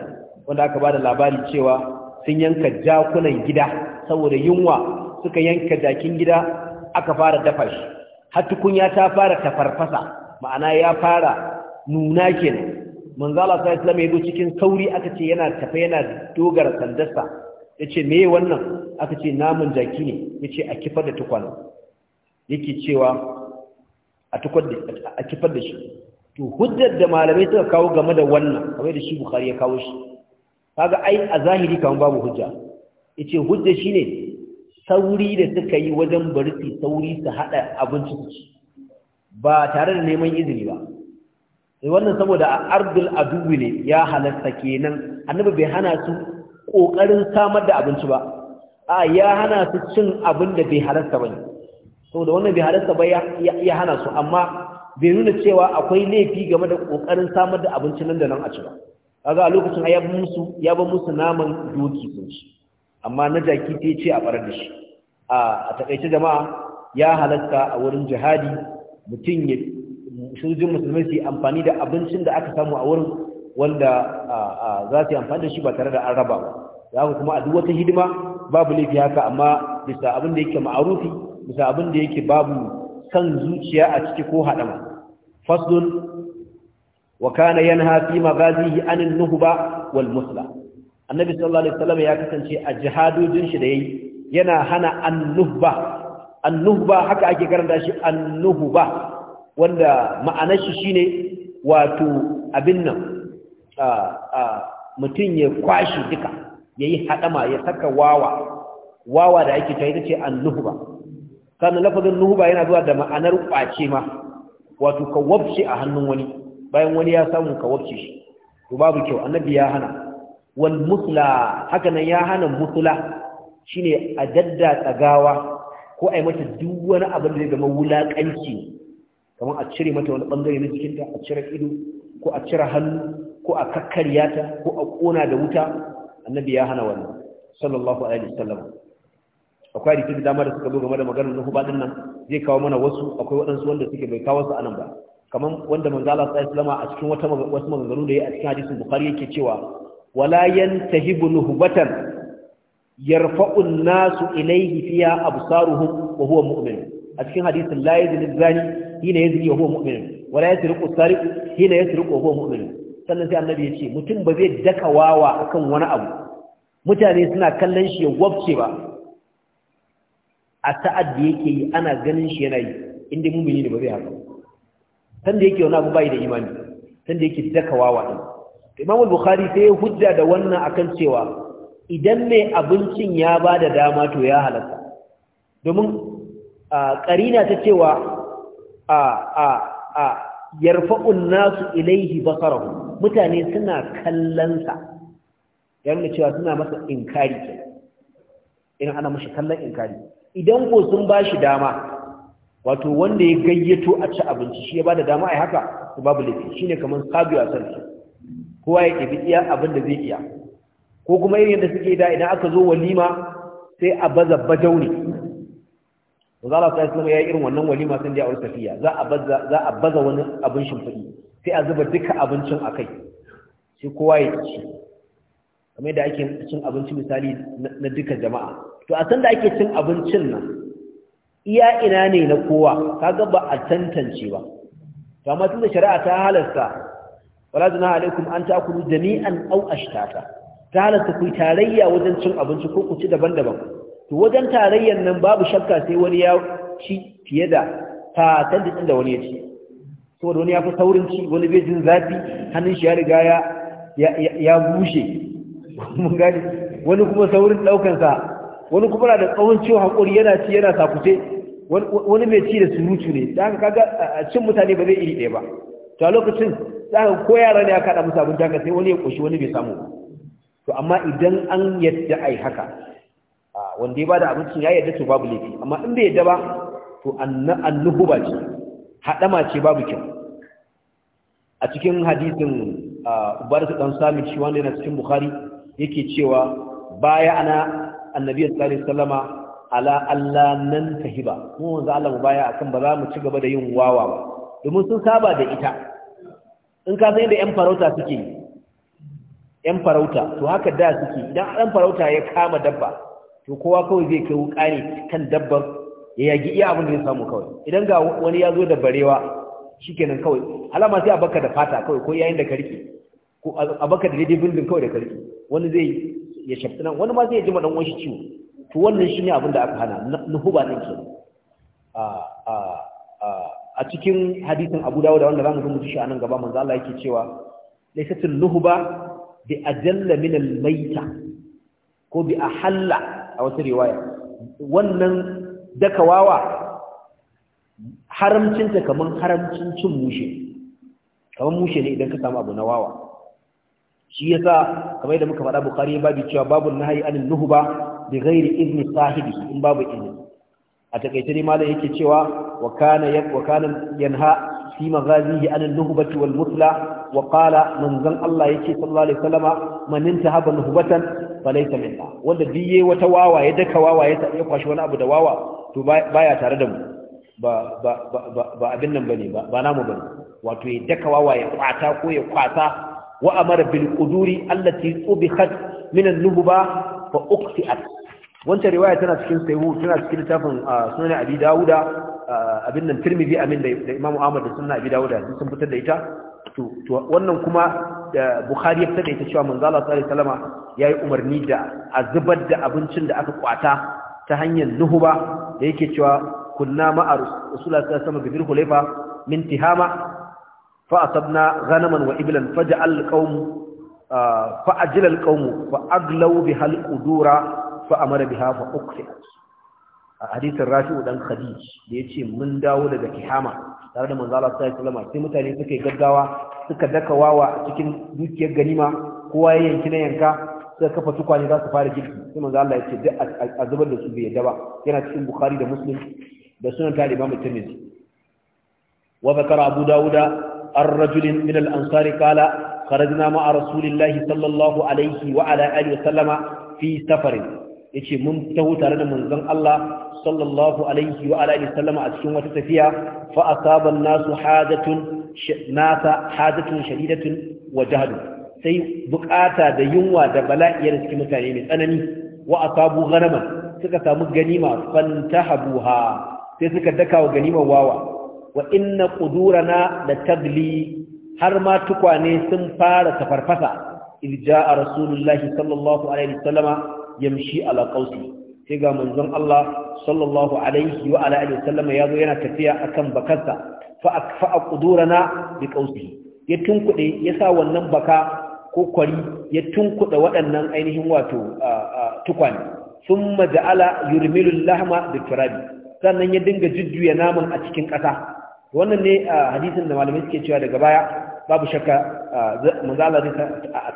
A: wanda aka ba da labari cewa sun yanka jakunan gida saboda yunwa suka yanka jakin gida aka fara dafa shi har ta fara tafarfasa ma'ana ya fara nuna kenan manzo Allah sallallahu alaihi ya cikin sauri aka ce yana tafe yana dogara sandarsa yace me wannan aka ce namun jaki ne yace a kifar da tukwana yake cewa a tukwar da a kifar da shi to hujjar da malamai suka kawo game da wannan kamar da shi Bukhari ya kawo shi kaga ai a zahiri kaman babu hujja yace hujja shine sauri da suka yi wajen bari su sauri su haɗa abinci su ci ba tare da neman izini ba sai eh, wannan saboda a ardul aduwi ne ya halatta kenan annabi bai hana su ƙoƙarin samar da abinci ba a ya hana su cin abin da bai halatta ba ne saboda wannan bai halatta ba ya hana su amma bai nuna cewa akwai laifi game da ƙoƙarin samar da abinci nan da nan a ci ba kaga a lokacin ya musu ya ba musu naman doki sun ci amma na jaki ta ce a farar da shi a takaice jama'a ya halatta a wurin jihadi mutum ya sojojin musulmai su yi amfani da abincin da aka samu a wurin wanda za su yi amfani da shi ba tare da an raba ba za ku kuma a duk wata hidima babu laifi haka amma bisa abin da yake ma'arufi bisa abin da yake babu san zuciya a ciki ko haɗama faslun wa kana yanha fi magazihi anin nuhba wal musla annabi sallallahu alaihi wasallam ya kasance a jihadojin shi da yayi yana hana annuhba annuhba haka ake karanta shi annuhba wanda ma'anar shi shine wato abin nan mutum ya kwashi duka yayi hadama ya saka wawa wawa da ake ta tace annuhba kana lafazin nuhba yana zuwa da ma'anar kwace ma wato ka a hannun wani bayan wani ya samu ka shi to babu kyau annabi ya hana wal musla haka nan ya hana musla shine a dadda tsagawa ko a yi mata duk wani abin da zai zama wulaƙanci kamar a cire mata wani ɓangare na jikinta a cire ido ko a cire hannu ko a kakkarya ta ko a ƙona da wuta annabi ya hana wannan sallallahu alaihi wasallam akwai hadisi da dama da suka zo game da maganar nuhu ba nan zai kawo mana wasu akwai waɗansu wanda suke bai kawo su anan ba kamar wanda manzala sallallahu alaihi wasallam a cikin wata wasu maganganu da ya a cikin hadisin bukhari yake cewa wala yantahibu nuhbatan yarfa'u an-nasu ilayhi fiha absaruhum wa huwa mu'min a cikin hadisin la yazini zani hina yazni wa huwa mu'min wala yasriqu sariq hina yasriqu wa huwa mu'min sannan sai annabi ya ce mutum ba zai daka wawa akan wani abu mutane suna kallon shi ya wabce ba a sa'ad da yake yi ana ganin shi yana yi inda mumini ne ba zai haka san da yake wani abu bai da imani san da yake daka wawa din imam bukhari sai ya hujja da wannan akan cewa idan mai abincin ya ba da dama to ya halatta domin karina ta cewa a a yarfa'un nasu ilaihi basarahu mutane suna kallonsa da cewa suna masa inkari ke in ana mashi kallon inkari idan ko sun ba dama wato wanda ya gayyato a ci abinci shi ya ba da dama a haka babu laifi shine kamar sabiwa sarki kowa ya bi iya abin da zai iya ko kuma irin yadda suke da idan aka zo walima sai a baza bajauni ne za a sai ya yi irin wannan walima sun da yawar tafiya za a baza wani abin shimfiɗi sai a zuba duka abincin a kai sai kowa ya ci kamar yadda ake cin abinci misali na duka jama'a to a san da ake cin abincin nan iya ina ne na kowa kaga ba a tantance ba to amma tun da shari'a ta halasta wala zina alaikum an ta'kulu jami'an aw ashtata ta halatta ku tarayya wajen cin abinci ko ku ci daban-daban to wajen tarayyan nan babu shakka sai wani ya ci fiye da fatan da inda wani ya ci saboda wani ya fi saurin ci wani bai jin zafi hannun shi ya riga ya ya bushe [laughs] mun gani wani kuma saurin sa, wani kuma na da tsawon ciwon hakuri yana ci yana sakute wani mai ci da surutu ne da haka kaga cin mutane ba zai iri ɗaya ba to a lokacin za ko yara ne aka haɗa musu abinci haka sai wani ya koshi wani bai samu ba to amma idan an yadda ai haka wanda ya bada abincin ya yadda to babu laifi amma in bai yadda ba to annuhu ba ce haɗama ce babu kyau a cikin hadisin ubarta dan sami shi wanda yana cikin bukhari yake cewa baya ana annabi sallallahu alaihi wasallama ala Allah nan tahiba mu wanzu Allah mu baya akan ba za mu ci gaba da yin wawa ba domin sun saba da ita in ka san yadda 'yan farauta suke ‘yan farauta to haka da suke idan ɗan farauta ya kama dabba to kowa kawai zai kai wuka ne kan dabban ya yagi iya abin da ya samu kawai idan ga wani ya zo da barewa shikenan kawai alama sai a baka da fata kawai ko yayin da ka rike ko a baka da daidai bindin kawai da ka rike wani zai ya shafi nan wani ma zai ji maɗan wani ciwo to wannan shine abin da aka hana na a a a a cikin hadisin Abu Dawud wanda zamu rubuta shi a nan gaba manzo Allah yake cewa laysatul luhba bi ajalla min al-mayta ko bi ahalla a wata riwaya wannan daka dakawawa haramcinta kaman haramcin cin mushe kaman mushe ne idan ka samu abu na wawa shi yasa kamar yadda muka faɗa Bukhari babu cewa babu nahyi anil nuhba bi ghairi izni sahibi in babu izni a takaice ne malam yake cewa وكان وكان ينهى في مغازيه عن النهبة والمثلى وقال من زن الله يكي صلى الله عليه وسلم من انتهب نهبة فليس منا ولا دي وتواوا يدك واوا يقاش وانا ابو دواوا تو بايا تare da mu ba ba ba ba abin nan bane ba ba namu wato ya daka wawa ya kwata ko ya kwata wa amara bil quduri allati ubikhat min an-nububa fa uqti'at riwaya tana cikin sahihu tana cikin tafin sunan abi dauda abin nan tirmidhi amin da Imam Ahmad da Sunna Abi Dawud da sun fitar da ita to wannan kuma Bukhari ya fitar da ita cewa manzo Allah sallallahu alaihi wasallama yayi umarni da a zubar da abincin da aka kwata ta hanyar nuhuba da yake cewa kunna ma'a Rasulullah sallallahu alaihi wasallam bi Hulaifa min Tihama fa asabna ghanaman wa iblan faja'al qaum fa ajlal qaum fa aglaw bihal qudura fa amara biha fa uqti'at a hadisin rafi'u dan khadij da yace mun dawo daga kihama tare da manzo Allah sallallahu alaihi wasallam sai mutane suka yi gaggawa suka daka wawa a cikin dukiyar ganima kowa ya yanki na yanka suka kafa tukwane za su fara girki sai manzo Allah yace duk a zubar da su bai yadda ba yana cikin bukhari da muslim da sunan ta imam tirmidhi wa zakara abu dawuda ar-rajul min al-ansari qala kharajna ma'a rasulillahi sallallahu alaihi wa ala alihi wa sallama fi safarin yace mun taho tare da manzon Allah sallallahu alaihi wa alihi sallama a cikin wata tafiya fa asaba nasu hajatun nasa hajatun shadidatun wa jahdu sai bukata da yunwa da da cikin mutane mai tsanani wa asabu ghanama suka samu ganima fantahabuha sai suka daka wa wawa wa inna qudurana la tadli har ma tukwane sun fara tafarfasa irja rasulullahi sallallahu alaihi wasallama yamshi ala qausi sai ga manzon Allah sallallahu alaihi wa ala alihi sallama yazo yana tafiya akan bakarsa fa akfa qudurana bi ya tunkude yasa wannan baka ko kwari ya tunkuda waɗannan ainihin wato tukwane thumma ja'ala yurmilu lahma bi turabi sannan ya dinga jujjuya naman a cikin ƙasa wannan ne hadisin da malamai suke cewa daga baya babu shakka manzo Allah zai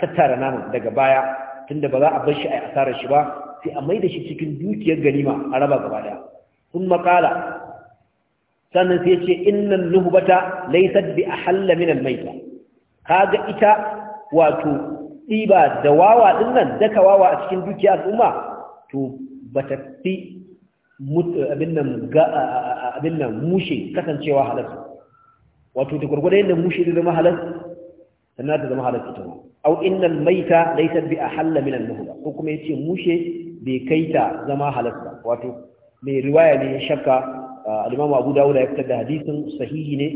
A: tattara naman daga baya tunda ba za a bar shi a asarar shi ba sai a maida shi cikin dukiyar ganima a raba gaba daya sun makala sannan sai ce innan nuhbata laysat bi ahalla min al-maita kaga ita wato ɗiba da wawa din nan daka wawa a cikin dukiyar al'umma to ba ta fi abin nan mushe kasancewa halal wato da gurgurda yadda mushe da zama halal sannan ta zama halal ita ma au innal maita laysa bi ahalla min al-muhla ko kuma yace mushe bai kaita zama halasta wato mai riwaya ne shakka uh, al-Imam Abu Dawud ya fitar da hadisin sahihi ne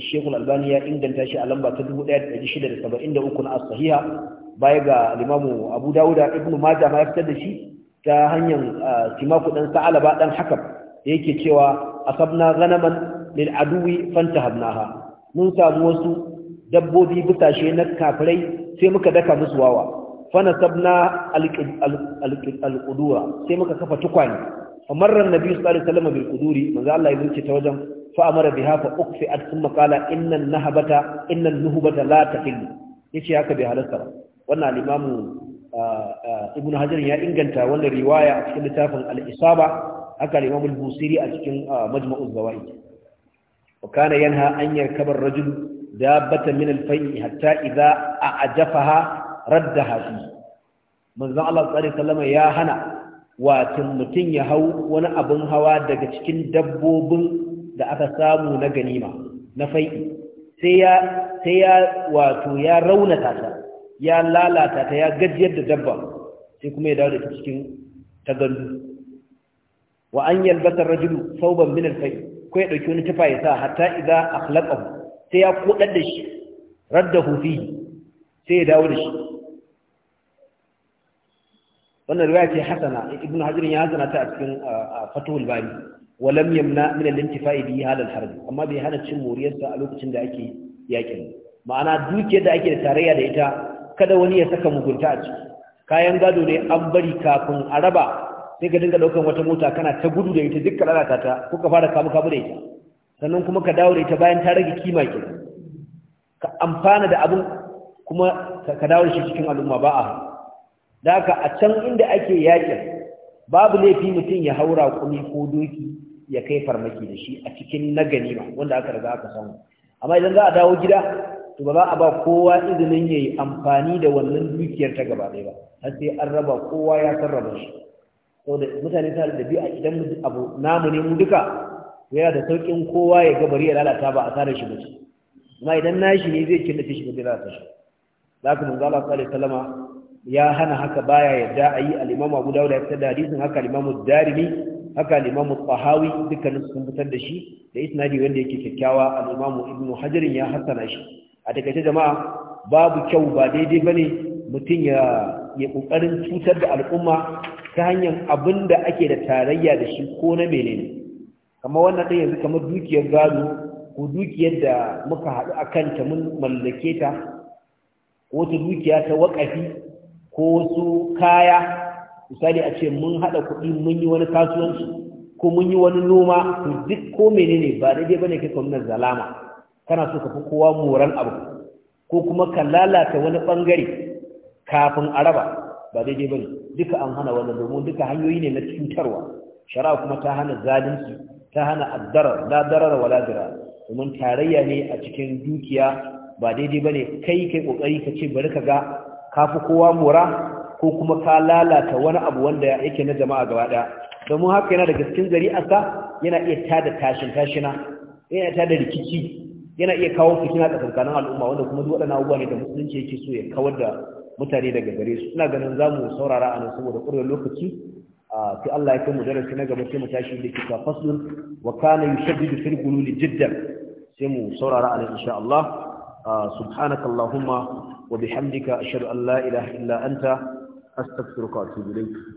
A: shekul al-Albani ya inganta shi a lamba ta 1673 na as-sahiha baya ga al-Imam Abu Dawud Ibn Majah ma ya fitar da shi ta hanyar uh, Timaku dan Sa'alaba dan Hakam yake cewa asabna ghanaman lil aduwi fantahabnaha mun samu wasu dabbobi busashe na kafirai sai muka daka musu wawa fana sabna alƙudura sai muka kafa tukwane famarar nabi sallallahu alaihi wasallam bil quduri manzo Allah ya zuce ta wajen fa amara biha fa ukfi at thumma qala Innan nahabata inna nuhubata la tahillu yace haka bai halasta ba wannan al-imamu ibnu hajar ya inganta wannan riwaya a cikin littafin al-isaba haka al-imamu al-busiri a cikin majma'uz zawaid wa kana yanha an yarkaba ar-rajul dabbata min al-fay'i hatta idza a'jafaha raddaha fi manzo Allah sallallahu alaihi ya hana watin mutun ya hau wani abun hawa daga cikin dabbobin da aka samu na ganima na fai'i sai ya sai ya wato ya raunata ta ya lalata ta ya gajiyar da dabba sai kuma ya dawo da cikin tagandu wa an yalbata rajulu sauban min al-fai ko ya dauki wani tufa ya sa hatta idza akhlaqahu sai ya kudar da shi radda hufi sai ya dawo da shi wannan riwaya ce hasana ibn hajar ya hasana ta a cikin fatuwal bani walam yamna min al-intifa'i bi hada al-harb amma bai hana cin moriyarsa a lokacin da ake yakin ma'ana dukiyar da ake da tarayya da ita kada wani ya saka mugunta a ciki kayan gado ne an bari kafin a raba sai ka dinga daukan wata mota kana ta gudu da ita duk ka ta ko ka fara kamu kamu da ita sannan kuma ka dawo da ita bayan ta rage kima ke ka amfana da abin kuma ka dawo da shi cikin al'umma ba a haka a can inda ake yakin babu laifi mutum ya haura kuni ko doki ya kai farmaki da shi a cikin na ganima wanda aka riga aka samu amma idan za a dawo gida to ba za a ba kowa izinin ya yi amfani da wannan dukiyar ta gaba ba har sai an raba kowa ya sarrafa shi saboda mutane ta da dabi'a idan abu namu ne mu duka yana da saukin kowa ya ga bari ya lalata ba a sare shi ba ce amma idan nashi ne zai killace shi ba zai lalata shi za ka manzo Allah sallallahu alaihi wasallam ya hana haka baya yadda ayi al-Imam Abu Dawud ya fitar da hadisin haka al-Imam Darimi haka al-Imam Tahawi dukkanin sun fitar da shi da isnadi wanda yake kyakkyawa al-Imam Ibn Hajar ya hasana shi a takaice jama'a babu kyau ba daidai bane mutum ya ya kokarin cutar da al'umma ta hanyar abinda ake da tarayya da shi ko na menene kamar wannan ɗin yanzu kamar dukiyar gado ko dukiyar da muka haɗu a kanta mun mallake ta ko ta dukiya ta waƙafi ko wasu kaya misali a ce mun haɗa kuɗi mun yi wani kasuwanci ko mun yi wani noma to duk ko menene ba daidai bane kai kwamnan zalama kana so ka fi kowa moran abu ko kuma ka lalata wani ɓangare kafin a raba ba daidai bane duka an hana wannan domin duka hanyoyi ne na cutarwa shari'a kuma ta hana zalunci ta hana addarar la darar wala dira domin tarayya ne a cikin dukiya ba daidai bane kai kai kokari ka ce bari ka ga kafi kowa mura, ko kuma ka lalata wani abu wanda yake na jama'a gaba daya domin haka yana da gaskin gari asa yana iya tada tashin tashina yana tada rikici yana iya kawo fitina tsakanin al'umma wanda kuma duk waɗannan abubuwa ne da musulunci yake so ya kawar da mutane daga gare su ina ganin zamu saurara a nan saboda ƙurar lokaci sai Allah ya kai mu darasi na gaba sai mu tashi da kika faslun wa kana yushaddidu fil qulul jiddan sai mu saurara alai insha Allah subhanaka allahumma wa bihamdika ashhadu an la ilaha illa anta astaghfiruka wa atubu